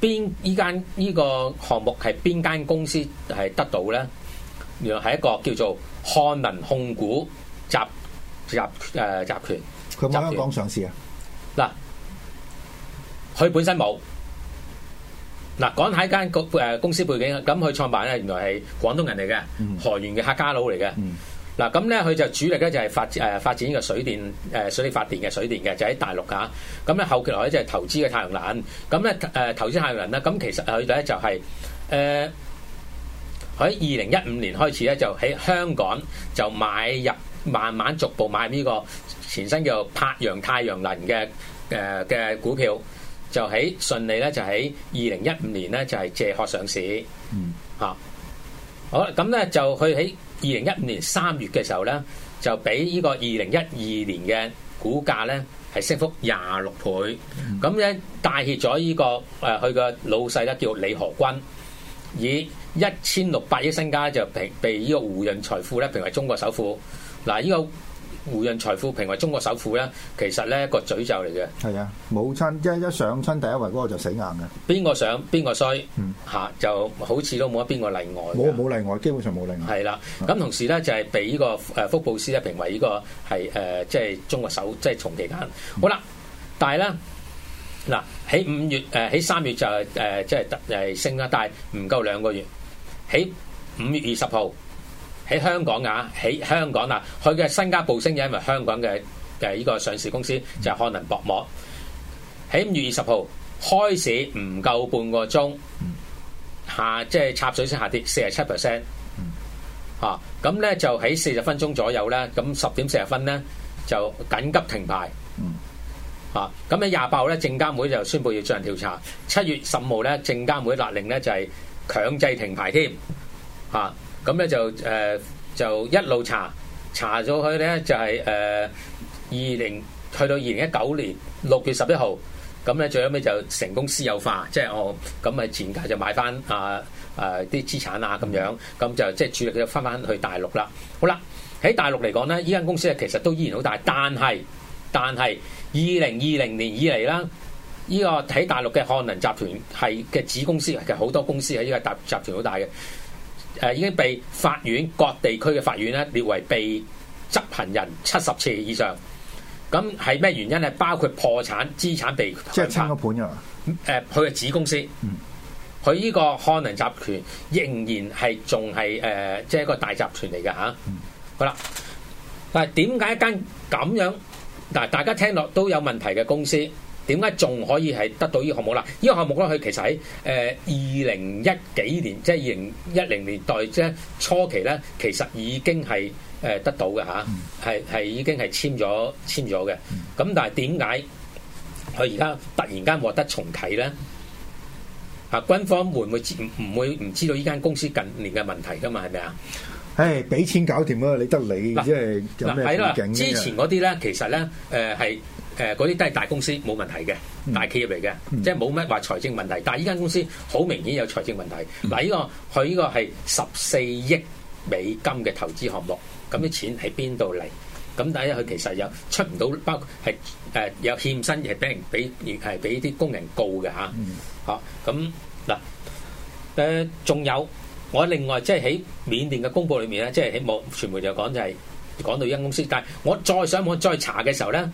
邊依間呢、呢個項目係邊間公司係得到咧？原來係一個叫做。漢能控股集集誒集團，佢冇喺香港上市啊！嗱，佢本身冇嗱，講，喺間誒公司背景，咁佢創辦咧原來係廣東人嚟嘅，嗯，河源嘅客家佬嚟嘅。嗱，嗯，咁咧佢就主力咧就係發誒發展呢個水電誒水力發電嘅水電嘅，就喺大陸噶。咁咧後期來咧就係投資嘅太陽能。咁咧誒投資太陽能啦。咁其實佢咧就係、是、誒。呃喺二零一五年開始咧，就喺香港就買入，慢慢逐步買入呢個前身叫柏陽太陽能嘅誒嘅股票，就喺順利咧就喺二零一五年咧就係借殼上市，嚇。好啦，咁咧就佢喺二零一五年三月嘅時候咧，就比呢個二零一二年嘅股價咧係升幅廿六倍，咁咧帶挈咗呢個誒佢嘅老細咧叫李河君，以一千六百億身家就平被呢個胡潤財富咧評為中國首富。嗱，呢個胡潤財富評為中國首富咧、啊，這個，其實咧個詛咒嚟嘅。係啊，冇親即係一上親第一位嗰個就死硬嘅。邊個上邊個衰？嗯，啊、就好似都冇得邊個例外。冇冇例外，基本上冇例外。係啦，咁同時咧就係、是、被呢個誒福布斯咧評為呢、這個係誒即係中國首即係、就是、從期間、嗯。好啦，但係咧嗱喺五月誒喺三月就誒即係誒升啦，但係唔夠兩個月。喺五月二十號喺香港啊，喺香港啦、啊，佢嘅身家暴升就係因為香港嘅嘅呢個上市公司就係漢能薄膜。喺五月二十號開始唔夠半個鐘，下即係插水式下跌四十七 percent。嚇、啊，咁咧就喺四十分鐘左右咧，咁十點四十分咧就緊急停牌。嚇、啊，咁喺廿八號咧，證監會就宣布要進行調查。七月十號咧，證監會勒令咧就係、是。強制停牌添，嚇咁咧就、呃、就一路查查咗佢咧就係二零去到二零一九年六月十一號，咁、啊、咧最後屘就成功私有化，即係我咁咪前價就買翻啊啲資、啊、產啊咁樣，咁就即係主力就翻翻去大陸啦。好啦，喺大陸嚟講咧，依間公司咧其實都依然好大，但係但係二零二零年以嚟啦。呢、這個喺大陸嘅漢能集團係嘅子公司，其實好多公司喺呢個大集團好大嘅，誒已經被法院各地區嘅法院咧列為被執行人七十次以上。咁係咩原因咧？包括破產、資產被即係清個盤啊！誒、呃，佢嘅子公司，佢、嗯、呢個漢能集團仍然係仲係誒，即係、呃就是、一個大集團嚟嘅嚇。好啦，但係點解一間咁樣，嗱大家聽落都有問題嘅公司？點解仲可以係得到呢個項目啦？呢個項目咧，佢其實喺誒二零一幾年，即係二零一零年代即係初期咧，其實已經係誒得到嘅嚇，係、嗯、係已經係簽咗簽咗嘅。咁但係點解佢而家突然間獲得重啟咧？啊，軍方會唔會唔唔會唔知道呢間公司近年嘅問題㗎嘛？係咪啊？誒，俾錢搞掂啦，你得你、啊、即係有咩背景啫、啊、之前嗰啲咧，其實咧誒係。啊誒嗰啲都係大公司冇問題嘅、嗯、大企業嚟嘅、嗯，即係冇乜話財政問題。但係依間公司好明顯有財政問題嗱。呢、嗯這個佢呢個係十四億美金嘅投資項目，咁、嗯、啲錢喺邊度嚟？咁第一佢其實有出唔到，包括係誒、呃、有欠薪，亦俾人俾亦係俾啲工人告嘅嚇。嚇咁嗱誒，仲、嗯呃、有我另外即係喺緬甸嘅公佈裏面咧，即係喺網傳媒就講就係、是、講到依間公司，但係我再上網再查嘅時候咧。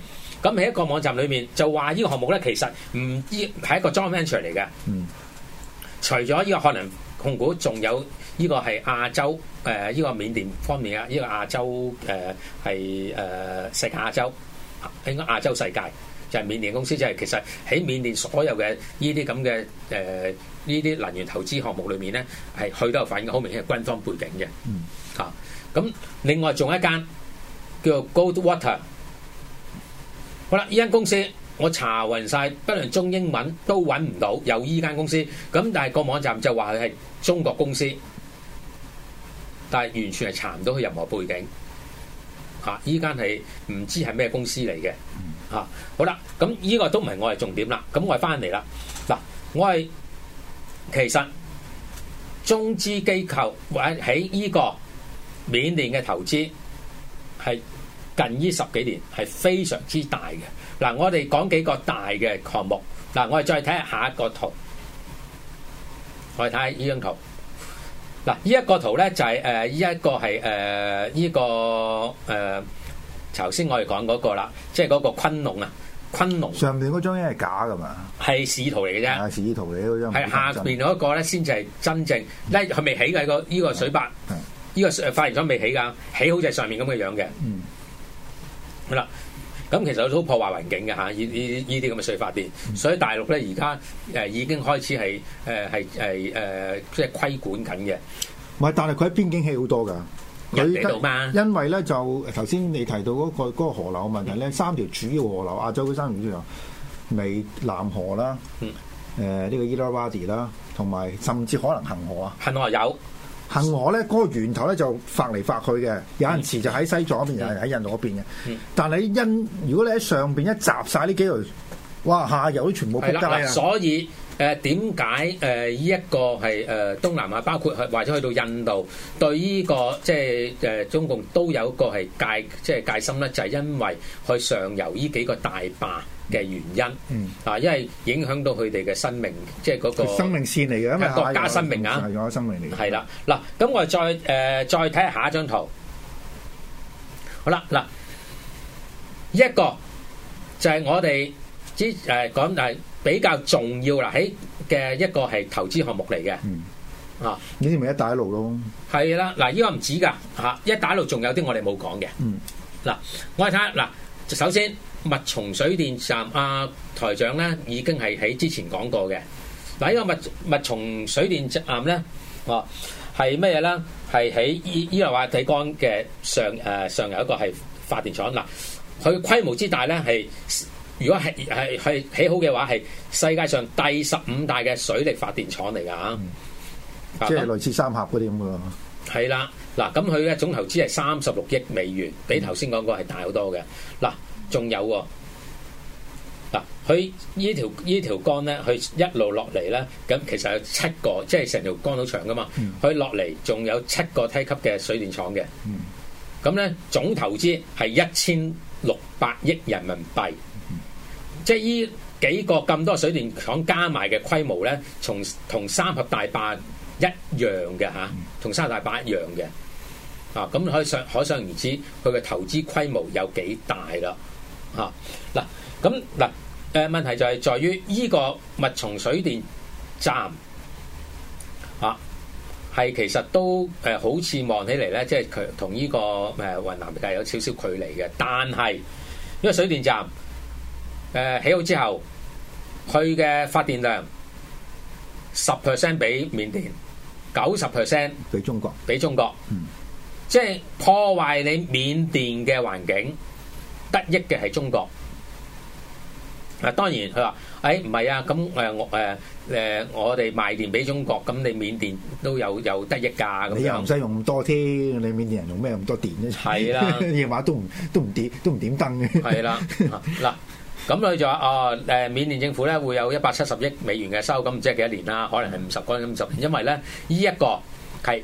咁喺一個網站裏面就話呢個項目咧，其實唔係一個 joint venture 嚟嘅。嗯，除咗呢個漢能控股，仲有呢個係亞洲誒，呢、呃這個緬甸方面啊，呢、這個亞洲誒係誒世界亞洲，應該亞洲世界就係、是、緬甸公司。就係、是、其實喺緬甸所有嘅呢啲咁嘅誒呢啲能源投資項目裏面咧，係去到反映好明顯嘅軍方背景嘅。吓、嗯、咁，啊、另外仲有一間叫做 Gold Water。好啦，依間公司我查勻晒，不論中英文都揾唔到有依間公司，咁但係個網站就話佢係中國公司，但係完全係查唔到佢任何背景，吓依間係唔知係咩公司嚟嘅，吓、啊、好啦，咁呢個都唔係我係重點啦，咁我係翻嚟啦，嗱、啊、我係其實中資機構喺喺依個緬甸嘅投資係。近呢十幾年係非常之大嘅。嗱，我哋講幾個大嘅項目。嗱，我哋再睇下下一個圖，我哋睇下呢張圖。嗱，呢一個圖咧就係誒依一個係誒、呃呢個頭先我哋講嗰個啦，即係嗰個昆龍啊，昆龍。上面嗰張嘢係假㗎嘛？係示圖嚟嘅啫，係、啊、示圖嚟嗰張。係下面嗰個咧先至係真正，咧佢未起嘅依、呢個水白，呢、嗯呢個發源咗未起㗎，起好就係上面咁嘅樣嘅。嗯咁其實有種破壞環境嘅呢依依啲咁嘅水發電，所以大陸咧而家已經開始係誒即係規管緊嘅。唔係，但係佢喺邊境起好多噶，佢因為咧就頭先你提到嗰、嗰個嗰個河流嘅問題咧，三條主要河流，亞洲嗰三條主要，美南河啦，誒、嗯、呢、呃這個伊拉瓦蒂啦，同埋甚至可能恒河啊，恒河有。恒河咧，嗰、那個源頭咧就發嚟發去嘅，有陣時就喺西藏邊，有人喺印度嗰邊嘅、嗯。但係你因如果你喺上面一集晒呢幾條，哇，下游都全部吸得，所以。誒點解誒依一個係誒東南亞，包括或者去到印度，對依個即係誒中共都有個係戒即係戒心咧，就係因為去上游依幾個大壩嘅原因，啊，因為影響到佢哋嘅生命，即係嗰個生命線嚟嘅，咁啊國家生命啊，係我生命嚟嘅，係啦，嗱，咁我哋再誒再睇下下一張圖，好啦，嗱，一個就係我哋之誒講第。比較重要嗱，喺嘅一個係投資項目嚟嘅，嗯，啊，呢啲咪一帶一路咯，係啦，嗱，啊，依、這個唔止㗎，嚇，啊，一帶一路仲有啲我哋冇講嘅，嗱，嗯啊，我哋睇下，嗱，啊，首先密松水電站啊，台長咧已經係喺之前講過嘅，嗱，啊，呢、這個密密松水電站咧，哦，啊，係乜嘢咧？係喺伊伊洛瓦底江嘅上誒，呃，上有一個係發電廠嗱，佢，啊，規模之大咧係。如果係係係起好嘅話，係世界上第十五大嘅水力發電廠嚟㗎，嚇、嗯，即係類似三峽嗰啲咁嘅咯。係、啊、啦，嗱，咁佢嘅總投資係三十六億美元，嗯、比頭先講過係大好多嘅。嗱、啊，仲有嗱，佢、啊、呢條呢條江咧，佢一路落嚟咧，咁其實有七個，即係成條江好長㗎嘛。佢落嚟仲有七個梯級嘅水電廠嘅。咁、嗯、咧、嗯、總投資係一千六百億人民幣。即係依幾個咁多水電廠加埋嘅規模咧，從同三峽大壩一樣嘅嚇，同、啊、三峽大壩一樣嘅，啊咁可以上可想而知佢嘅投資規模有幾大啦，嚇嗱咁嗱誒問題就係在於依個密松水電站啊，係其實都誒好似望起嚟咧，即係佢同呢個誒雲南邊界有少少距離嘅，但係因為水電站。誒起好之後，佢嘅發電量十 percent 俾緬甸，九十 percent 俾中國。俾中國，即係破壞你緬甸嘅環境，得益嘅係中國。嗱，當然佢話，誒唔係啊，咁誒我誒誒我哋賣電俾中國，咁你緬甸都有有得益㗎。咁你又唔使用咁多添？你緬甸人用咩咁多電啫？係啦，夜晚都唔都唔點都唔點燈嘅。係啦，嗱。咁佢就話哦，誒緬甸政府咧會有一百七十億美元嘅收，咁唔知係幾多年啦，可能係五十個咁五十年，因為咧呢一個係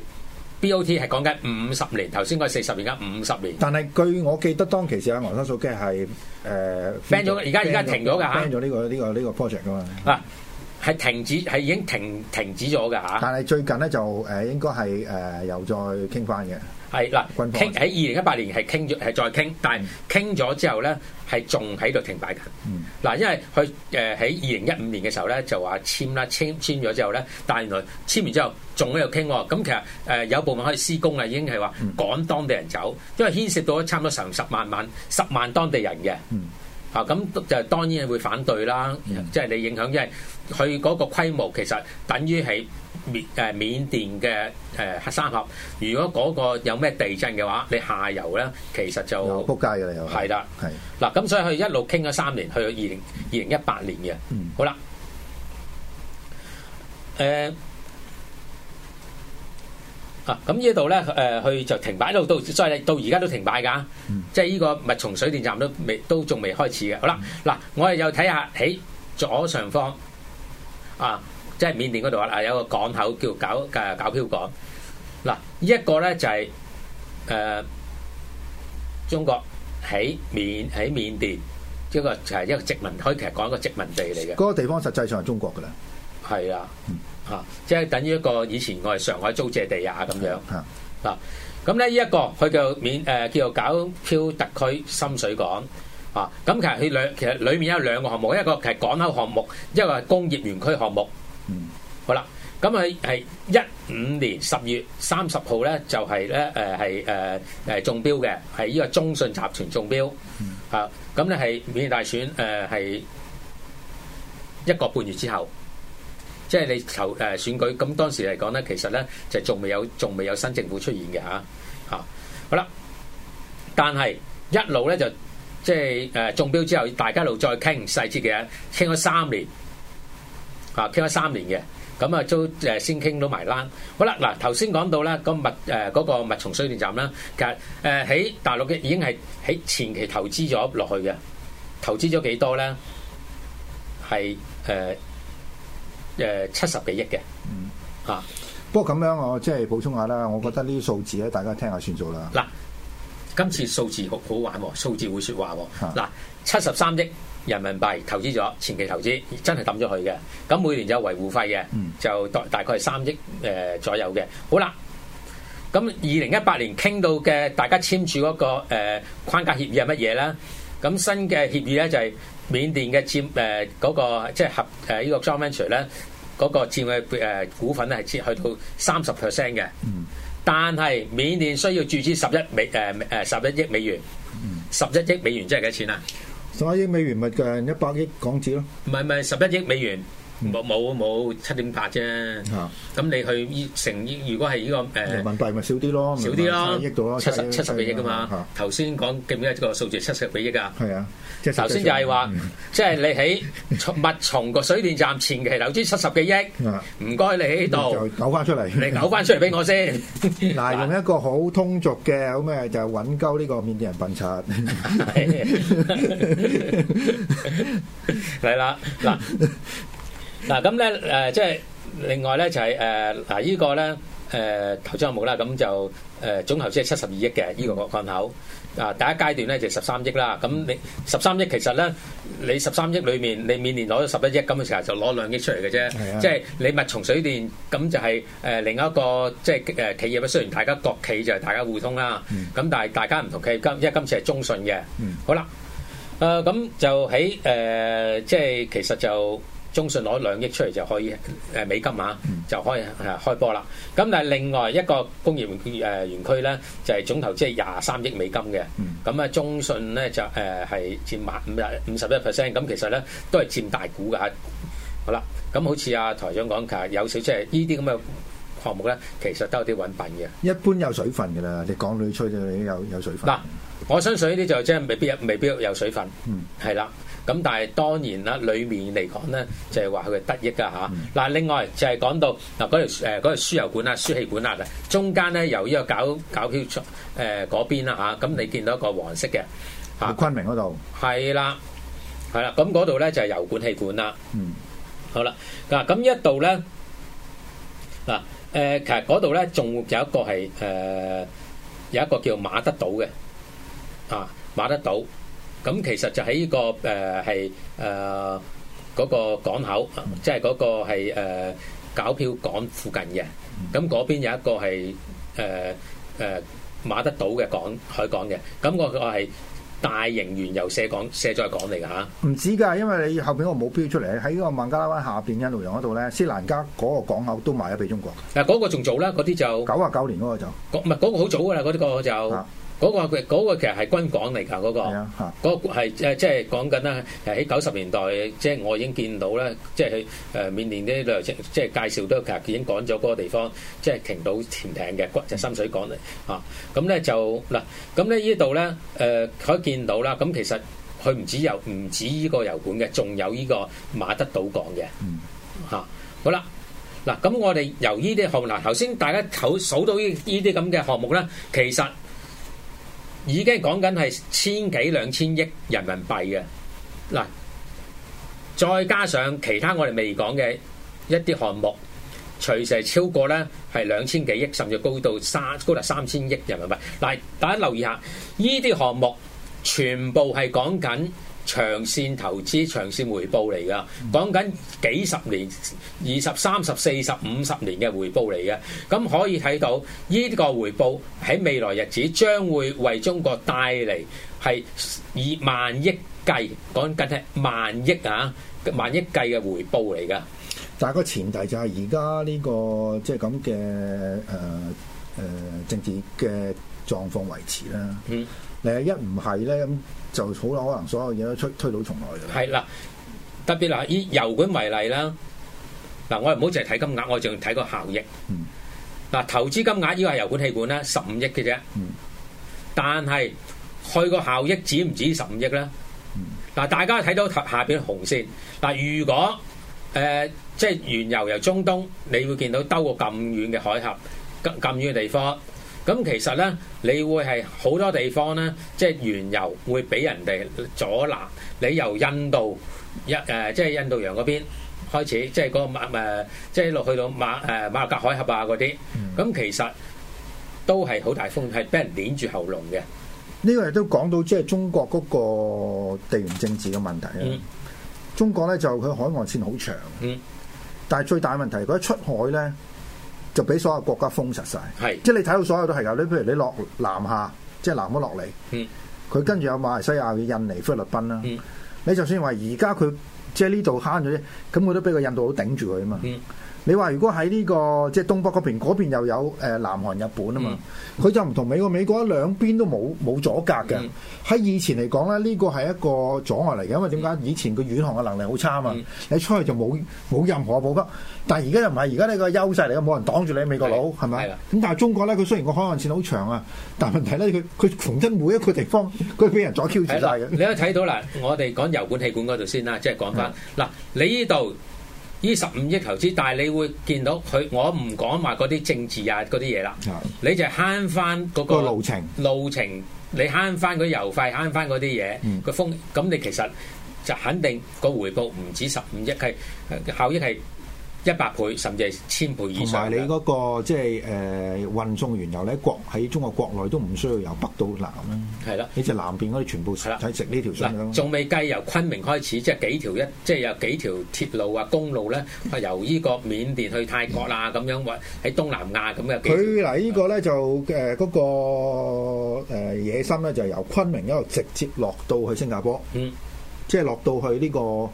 BOT 係講緊五十年，頭先嗰四十年而家五十年。但係據我記得當其時，阿黃生數據係誒 ban 咗，而家而家停咗㗎，ban 咗呢個呢個呢個 project 㗎嘛。嗱，係、啊、停止係已經停停止咗㗎嚇。但係最近咧就誒應該係誒、呃、又再傾翻嘅。係啦，傾喺二零一八年係傾咗，係再傾，但係傾咗之後咧係仲喺度停擺緊。嗱，因為佢誒喺二零一五年嘅時候咧就話簽啦，簽簽咗之後咧，但係原來簽完之後仲喺度傾喎。咁其實誒有部分可以施工啊，已經係話趕當地人走，因為牽涉到差唔多成十萬萬十萬當地人嘅。啊，咁就當然係會反對啦，即係你影響，因為佢嗰個規模其實等於係。緬誒緬甸嘅誒三峽，如果嗰個有咩地震嘅話，你下游咧其實就撲街嘅啦，係啦，係嗱咁，所以佢一路傾咗三年，去到二零二零一八年嘅。好啦，誒、嗯嗯、啊咁呢度咧誒，佢、呃、就停擺到到，即係到而家都停擺噶、嗯，即係呢個密松水電站都未都仲未開始嘅。好啦，嗱、啊、我哋又睇下喺左上方啊。即係緬甸嗰度啊，啊有個港口叫皎嘅皎漂港嗱，依一個咧就係誒中國喺緬喺緬甸一個就係一個殖民，可以其實講一個殖民地嚟嘅。嗰個地方實際上係中國㗎啦，係啊，嚇即係等於一個以前我哋上海租借地啊咁樣啊。咁咧依一個佢叫緬誒叫做皎漂特區深水港啊。咁其實佢兩其實裡面有兩個項目，一個係港口項目，一個係工業園區項目。嗯，好了，好啦，咁佢係一五年十月三十號咧，就係咧誒係誒誒中標嘅，係呢個中信集團中標。嗯、啊，咁咧係緬大選誒係、呃、一個半月之後，即係你投誒、呃、選舉，咁當時嚟講咧，其實咧就仲未有仲未有新政府出現嘅吓吓，好啦，但係一路咧就即係誒中標之後，大家一路再傾細節嘅嘢，傾咗三年。啊，傾咗三年嘅，咁啊都誒先傾到埋單。好啦，嗱頭先講到咧，呃嗰個物誒嗰個物從水電站啦，其實誒喺大陸嘅已經係喺前期投資咗落去嘅，投資咗幾多咧？係誒誒七十幾億嘅。嗯。啊，不過咁樣我即係補充下啦，我覺得呢啲數字咧，大家聽下算數啦。嗱，啊，今次數字好好玩喎，數字會説話喎。嗱，啊，七十三億。人民幣投資咗前期投資，真係抌咗佢嘅。咁每年有維護費嘅，就大概係三億誒、呃、左右嘅。好啦，咁二零一八年傾到嘅大家簽署嗰、那個、呃、框架協議係乜嘢啦？咁新嘅協議咧就係、是、緬甸嘅佔誒嗰、呃那個即係合誒、呃這個、呢個 joint venture 咧嗰個佔嘅誒、呃、股份咧係佔去到三十 percent 嘅。但係緬甸需要注資十一美誒誒十一億美元，十一億美元即係幾錢啊？十一億美元咪就係一百億港紙咯，唔係，唔係十一億美元。冇冇冇，七點八啫。咁你去乘？如果係呢個誒，人民幣咪少啲咯？少啲咯，七十幾億啊嘛。頭先講，記唔記得，一個數字七十幾億啊。係啊，頭先就係話，即係你喺物從個水電站前期投資七十幾億，唔該你喺度，你扭翻出嚟俾我先。嗱，用一個好通俗嘅咁嘅，就揾鳩呢個緬甸人笨賊嚟啦。嗱。嗱咁咧，誒即係另外咧就係誒嗱依個咧誒投資項目啦。咁就誒總投資係七十二億嘅依個個港口啊。第一階段咧就十三億啦。咁你十三億其實咧，你十三億裏面你每年攞咗十一億，咁嘅時候就攞兩億出嚟嘅啫。即係你物從水電咁就係誒另一個即係誒企業啊。雖然大家各企就係大家互通啦，咁但係大家唔同企業今因為今次係中信嘅。嗯，好啦，誒咁就喺誒即係其實就。中信攞兩億出嚟就可以誒美金啊，就開誒、嗯啊、開波啦。咁但係另外一個工業誒園,、呃、園區咧，就係、是、總投資係廿三億美金嘅。咁、嗯、啊，那中信咧就誒係、呃、佔萬五十五十一 percent。咁其實咧都係佔大股嘅。好啦，咁好似阿、啊、台長講，其實有少即係呢啲咁嘅項目咧，其實都有啲揾笨嘅。一般有水分嘅啦，你港女吹就有有水分。嗱，我相信呢啲就即係未必未必有水分。嗯，係啦。咁但係當然啦，裏面嚟講咧，就係話佢得益㗎嚇。嗱、啊，另外就係講到嗱嗰條誒嗰條輸油管啊、輸氣管啊，中間咧由於有搞搞跳出誒嗰邊啦嚇，咁、啊、你見到一個黃色嘅嚇，啊、昆明嗰度係啦，係啦，咁嗰度咧就係、是、油管氣管啦。嗯，好啦，嗱，咁呢一度咧嗱誒，其實嗰度咧仲有一個係誒、呃、有一個叫馬德島嘅啊，馬德島。咁其實就喺呢個係嗰、呃呃嗰個港口，即係嗰個係搞、呃、票港附近嘅。咁嗰邊有一個係誒、呃呃、馬德島嘅港海港嘅。咁我我係大型原油卸港卸載港嚟㗎嚇。唔止㗎，因為你後邊我冇標出嚟咧，喺個孟加拉灣下邊印度洋嗰度咧，斯蘭加嗰個港口都賣咗俾中國。誒、那、嗰個仲早啦，嗰啲就九啊九年嗰個就。唔係嗰個好早㗎啦，嗰、那、啲個就。嗰、那個佢嗰、那個、其實係軍港嚟㗎，嗰、那個嗰、啊那個係即係講緊咧，喺九十年代，即、就、係、是、我已經見到咧，即係誒緬甸啲旅遊即即係介紹都其實已經講咗嗰個地方，即係瓊島潛艇嘅骨就深水港、嗯、啊！咁咧就嗱，咁咧呢度咧誒可以見到啦。咁其實佢唔止有，唔止呢個油管嘅，仲有呢個馬德島港嘅嚇、嗯啊。好啦，嗱咁我哋由呢啲項目嗱頭先大家數到呢依啲咁嘅項目啦，其實，已經講緊係千幾兩千億人民幣嘅，嗱，再加上其他我哋未講嘅一啲項目，隨時係超過咧係兩千幾億，甚至高到三高達三千億人民幣。嗱，大家留意下，呢啲項目全部係講緊。長線投資、長線回報嚟噶，講緊幾十年、二十、三十、四十、五十年嘅回報嚟嘅。咁可以睇到呢個回報喺未來日子將會為中國帶嚟係以萬億計，講緊係萬億啊，萬億計嘅回報嚟噶。但係個前提就係而家呢個即係咁嘅誒誒政治嘅狀況維持啦。嗯，你一唔係咧咁。就好啦，可能所有嘢都推推到重來嘅。係啦，特別嗱以油管為例啦，嗱我哋唔好淨係睇金額，我淨睇個效益。嗱、嗯、投資金額依個係油管氣管啦，十五億嘅啫。嗯、但係去個效益止唔止十五億咧？嗱、嗯，大家睇到下下邊紅線嗱，如果誒即係原油由中東，你會見到兜過咁遠嘅海峽，咁咁遠嘅地方。咁其實咧，你會係好多地方咧，即、就、係、是、原油會俾人哋阻攔。你由印度一誒，即、呃、係、就是、印度洋嗰邊開始，即係嗰個馬誒，即、呃、係、就是、一路去到馬誒、呃、馬來海峽馬六甲海峽啊嗰啲。咁、嗯、其實都係好大風，係俾人攆住捏住喉嚨嘅。呢個亦都講到即係中國嗰個地緣政治嘅問題啊、嗯！中國咧就佢海岸線好長，嗯、但係最大問題，佢一出海咧。就俾所有國家封實曬，即係你睇到所有都係㗎。你譬如你落南下，即係南咗落嚟，佢跟住有馬來西亞嘅印尼、菲律賓啦。你就算話而家佢即係呢度慳咗啫，咁佢都俾個印度佬頂住佢啊嘛。你話如果喺呢、這個即係東北嗰邊嗰邊又有誒、呃、南韓日本啊嘛，佢、嗯、就唔同美國美國，兩邊都冇冇阻隔嘅。喺、嗯、以前嚟講咧，呢個係一個阻礙嚟嘅，因為點解？以前個遠航嘅能力好差啊嘛、嗯，你出去就冇冇任何補給。但係而家就唔係，而家呢個優勢嚟嘅，冇人擋住你美國佬係咪？咁但係中國咧，佢雖然個海岸線好長啊，但係問題咧，佢佢逢真每一個地方佢俾人阻住曬嘅。你睇到啦， 我哋講油管氣管嗰度先啦，即係講翻嗱，你呢度。呢十五億投資，但係你會見到佢，我唔講話嗰啲政治啊，嗰啲嘢啦，你就慳翻嗰個路程，路程你慳翻個油費，慳翻嗰啲嘢，個風，咁你其實就肯定個回報唔止十五億，係效益係，一百倍甚至係千倍以上。同埋你嗰、那個即係誒運送原油咧，國喺中國國內都唔需要由北到南啦。係、嗯、咯，呢、嗯、隻南邊嗰啲全部係喺食呢條線。仲未計由昆明開始，即、就、係、是、幾條一，即、就、係、是、有幾條鐵路啊、公路咧，由呢個緬甸去泰國啦、啊，咁樣喎喺東南亞咁樣。佢嗱呢、嗯、個咧就嗰、呃那個、呃、野心咧，就由昆明一路直接落到去新加坡，嗯，即係落到去、這、呢個。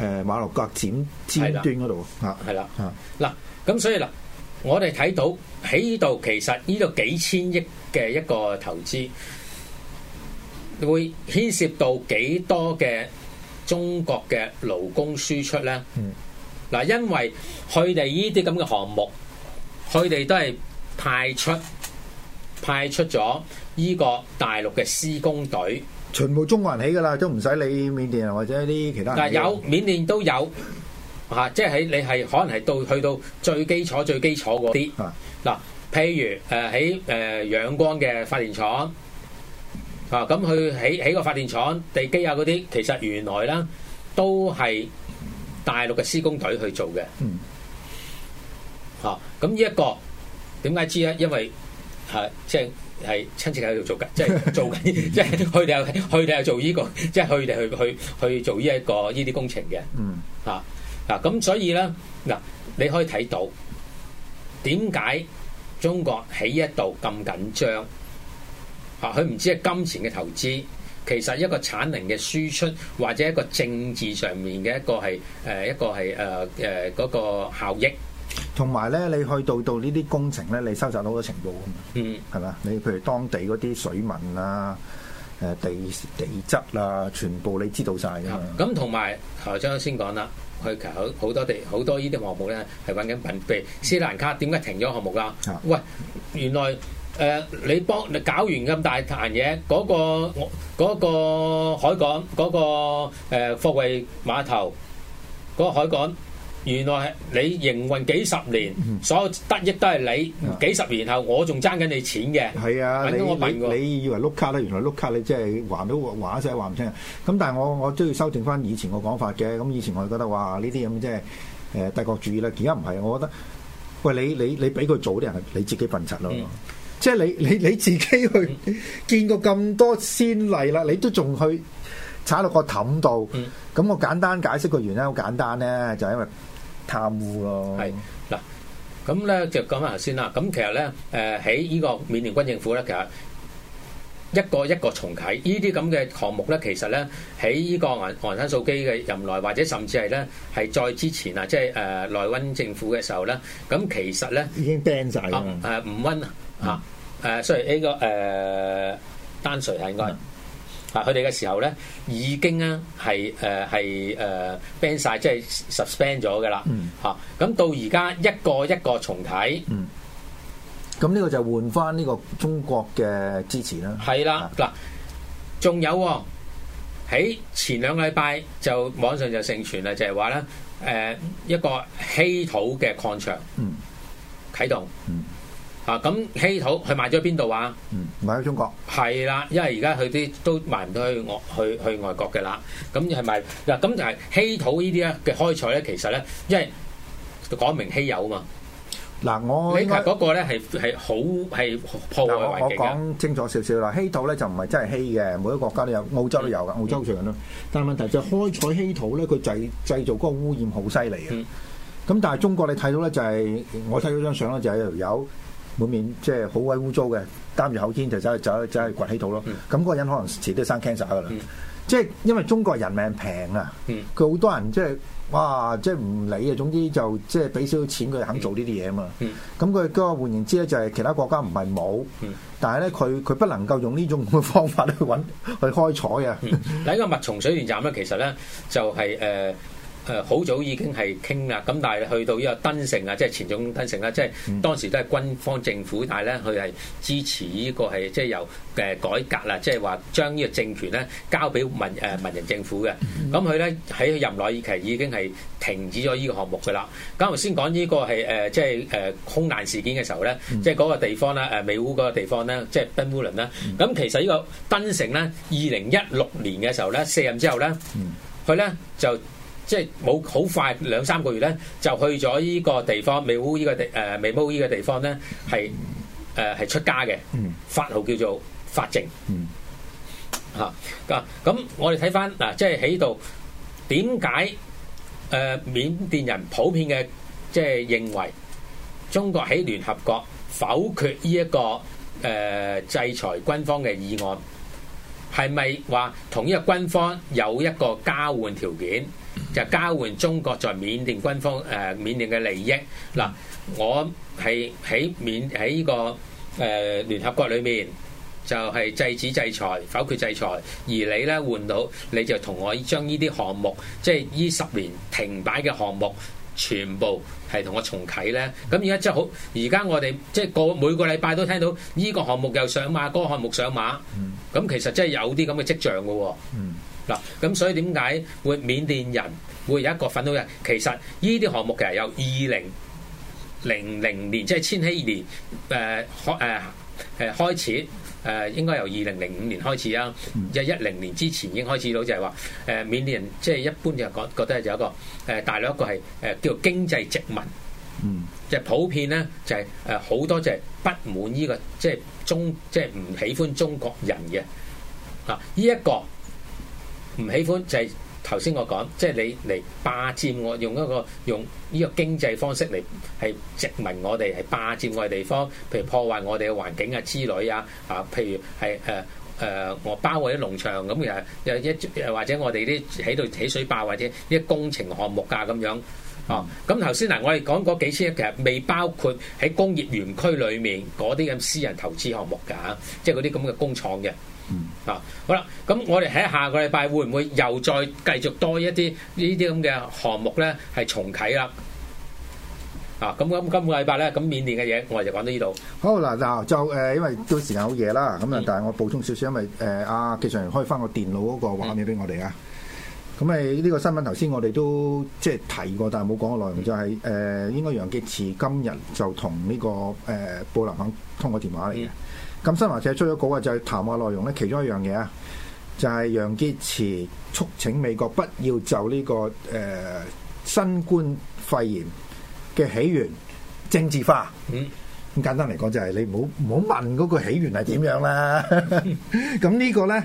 誒馬路角尖尖端嗰度啊，係啦，嗱咁所以嗱，我哋睇到喺呢度，其實呢度幾千億嘅一個投資，會牽涉到幾多嘅中國嘅勞工輸出咧？嗯，嗱，因為佢哋呢啲咁嘅項目，佢哋都係派出派出咗呢個大陸嘅施工隊。全部中國人起噶啦，都唔使理緬甸人或者啲其他。但，有緬甸都有啊，即係喺你係可能係到去到最基礎最基礎嗰啲。嗱，譬如誒喺誒仰光嘅發電廠啊，咁佢喺喺個發電廠地基啊嗰啲，其實原來啦都係大陸嘅施工隊去做嘅。嗯。啊，咁呢一個點解知咧？因為係即係。係親戚喺度做緊，即係做緊，即係佢哋又佢哋有做呢個，即係佢哋去去去做呢一個依啲工程嘅。嗯，啊咁所以咧嗱，你可以睇到點解中國喺一度咁緊張？啊，佢唔止係金錢嘅投資，其實一個產能嘅輸出，或者一個政治上面嘅一個係誒一個係誒誒嗰個效益。同埋咧，你去到到呢啲工程咧，你收集到好多情報噶嘛？嗯，係咪？你譬如當地嗰啲水文啊、誒地地質啊，全部你知道晒嘅。咁同埋頭先講啦，佢其實好多地好多呢啲項目咧，係揾緊品。譬如斯蘭卡點解停咗項目㗎？嗯、喂，原來誒、呃、你幫你搞完咁大壇嘢，嗰、嗰個海港嗰個誒貨櫃碼頭嗰個海港。嗰個呃原來係你營運幾十年，所有得益都係你。幾十年後，我仲爭緊你錢嘅。係啊你你，你以為碌卡咧？原來碌卡你即係還到還一世還唔清。咁但係我我都要修正翻，以前個講法嘅。咁以前我係覺得哇，呢啲咁即係誒、呃、帝國主義啦。而家唔係，我覺得喂，你你你俾佢做啲人，係你自己笨柒咯、嗯。即係你你你自己去見過咁多先例啦，你都仲去踩落個氹度。咁、嗯、我簡單解釋個原因，好簡單咧，就係、是、因為。貪污咯，係嗱，咁咧就講翻頭先啦。咁其實咧，誒喺呢個緬甸軍政府咧，其實一個一個重啟呢啲咁嘅項目咧，其實咧喺呢個昂山素姬嘅任內，或者甚至係咧係再之前、呃、啊，即係誒內温政府嘅時候咧，咁其實咧已經掟曬㗎，唔温啊，雖然呢個單純係應該。呃啊！佢哋嘅時候咧，已經咧係誒係誒 ban 晒即係 suspend 咗嘅啦。咁、嗯、到而家一個一個重啟。嗯。咁呢個就換翻呢個中國嘅支持啦。係、嗯、啦，嗱、哦，仲有喎，喺前兩個禮拜就網上就盛傳啦，就係話咧誒一個稀土嘅礦場，嗯啟動，嗯。嗯啊，咁稀土佢賣咗去邊度啊？嗯，賣咗中國。係啦，因為而家佢啲都賣唔到去外去去外國嘅啦。咁係咪？啊，咁就係稀土呢啲咧嘅開採咧，其實咧，因為講明稀有啊嘛。嗱，我呢個嗰個咧係係好係破壞我我講清楚少少啦。稀土咧就唔係真係稀嘅，每一個國家都有，澳洲都有噶、嗯，澳洲上、嗯、但係問題就係開採稀土咧，佢製製造嗰個污染好犀利嘅。咁、嗯嗯、但係中國你睇到咧、就是，就係我睇到張相咧，就係有。滿面即係好鬼污糟嘅，擔住口煙就走，走，走，去掘起土掘稀土咯。咁、嗯、嗰、那個人可能遲啲生 cancer 噶啦、嗯。即係因為中國人命平啊，佢、嗯、好多人即、就、係、是、哇，即係唔理啊。總之就即係俾少少錢，佢肯做呢啲嘢啊嘛。咁佢嗰個換言之咧，就係其他國家唔係冇，但係咧佢佢不能夠用呢種咁嘅方法去揾去開採啊。喺、嗯、 個密松水電站咧，其實咧就係、是、誒。呃誒好早已經係傾啦，咁但係去到呢個登盛，啊、就是，即係前總登盛，啦，即係當時都係軍方政府，但係咧佢係支持呢、這個係即係由誒改革啦，即係話將呢個政權咧交俾民、呃、民人政府嘅。咁佢咧喺任內期已經係停止咗呢個項目嘅啦。咁頭先講呢個係誒即係誒空難事件嘅時候咧，即係嗰個地方啦、呃，美烏嗰個地方咧，即、就、係、是、賓烏倫啦。咁其實個呢個登盛咧，二零一六年嘅時候咧卸任之後咧，佢咧就。即係冇好快兩三個月咧，就去咗依個地方，美烏依個地、誒美烏依個地方咧，係誒係出家嘅，法號叫做法政嚇。咁我哋睇翻嗱，即係喺度點解誒緬甸人普遍嘅即係認為中國喺聯合國否決依一個誒制裁軍方嘅議案，係咪話同依個軍方有一個交換條件？就交換中國在緬甸軍方誒、呃、緬甸嘅利益嗱，我係喺緬喺依個誒、呃、聯合國裏面就係、是、制止制裁、否決制裁，而你咧換到你就同我將呢啲項目，即係依十年停擺嘅項目，全部係同我重啟咧。咁而家真係好，而家我哋即係個每個禮拜都聽到呢個項目又上馬，嗰、那個項目上馬，咁其實真係有啲咁嘅跡象嘅喎、哦。咁所以點解會緬甸人會有一個憤怒嘅？其實呢啲項目其實由二零零零年，即、就、係、是、千禧年，誒、啊，誒、啊，誒開始，誒、啊，應該由二零零五年開始啊，即係一零年之前已經開始到，就係話誒緬甸人即係、就是、一般就覺覺得就有一個誒帶來一個係誒叫做經濟殖民，嗯，就是、普遍咧就係誒好多就係不滿呢、這個即係、就是、中即係唔喜歡中國人嘅，啊，呢一個。唔喜歡就係頭先我講，即係你嚟霸佔我，用一個用呢個經濟方式嚟係殖民我哋，係霸佔我哋地方，譬如破壞我哋嘅環境啊、之類啊，啊，譬如係誒誒，我包圍啲農場咁嘅，又一或者我哋啲喺度起水壩或者啲工程項目啊咁樣。咁頭先嗱，我哋講嗰幾千億其實未包括喺工業園區裏面嗰啲咁私人投資項目㗎，即係嗰啲咁嘅工廠嘅。嗯。啊，好啦，咁我哋喺下個禮拜會唔會又再繼續多一啲呢啲咁嘅項目咧？係重啟啦。啊，咁今今個禮拜咧，咁緬甸嘅嘢我哋就講到呢度。好嗱嗱，就誒、呃，因為都時間好夜啦，咁、呃、啊，但係我補充少少，因為誒阿技術人員開翻個電腦嗰個畫面俾我哋啊。嗯。咁誒呢個新聞頭先我哋都即係提過，但係冇講過內容就係、是、誒、呃、應該楊潔篪今日就同呢、這個誒、呃、布林肯通過電話嚟嘅。咁新華社出咗稿啊，就是、談話內容咧，其中一樣嘢啊，就係、是、楊潔篪促請美國不要就呢、這個誒、呃、新冠肺炎嘅起源政治化。嗯，咁簡單嚟講就係你唔好唔好問嗰個起源係點樣啦。咁、嗯、 呢個咧。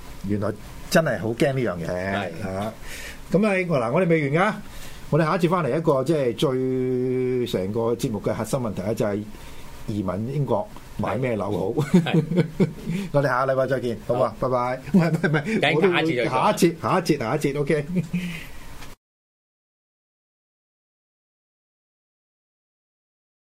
原來真係好驚呢樣嘢，係啊！咁啊，嗱，我哋未完噶，我哋下一次翻嚟一個即係最成個節目嘅核心問題咧，就係移民英國買咩樓好。 我哋下個禮拜再見，好啊，拜拜。唔係唔係唔係，我哋下一節下一節下一節，OK。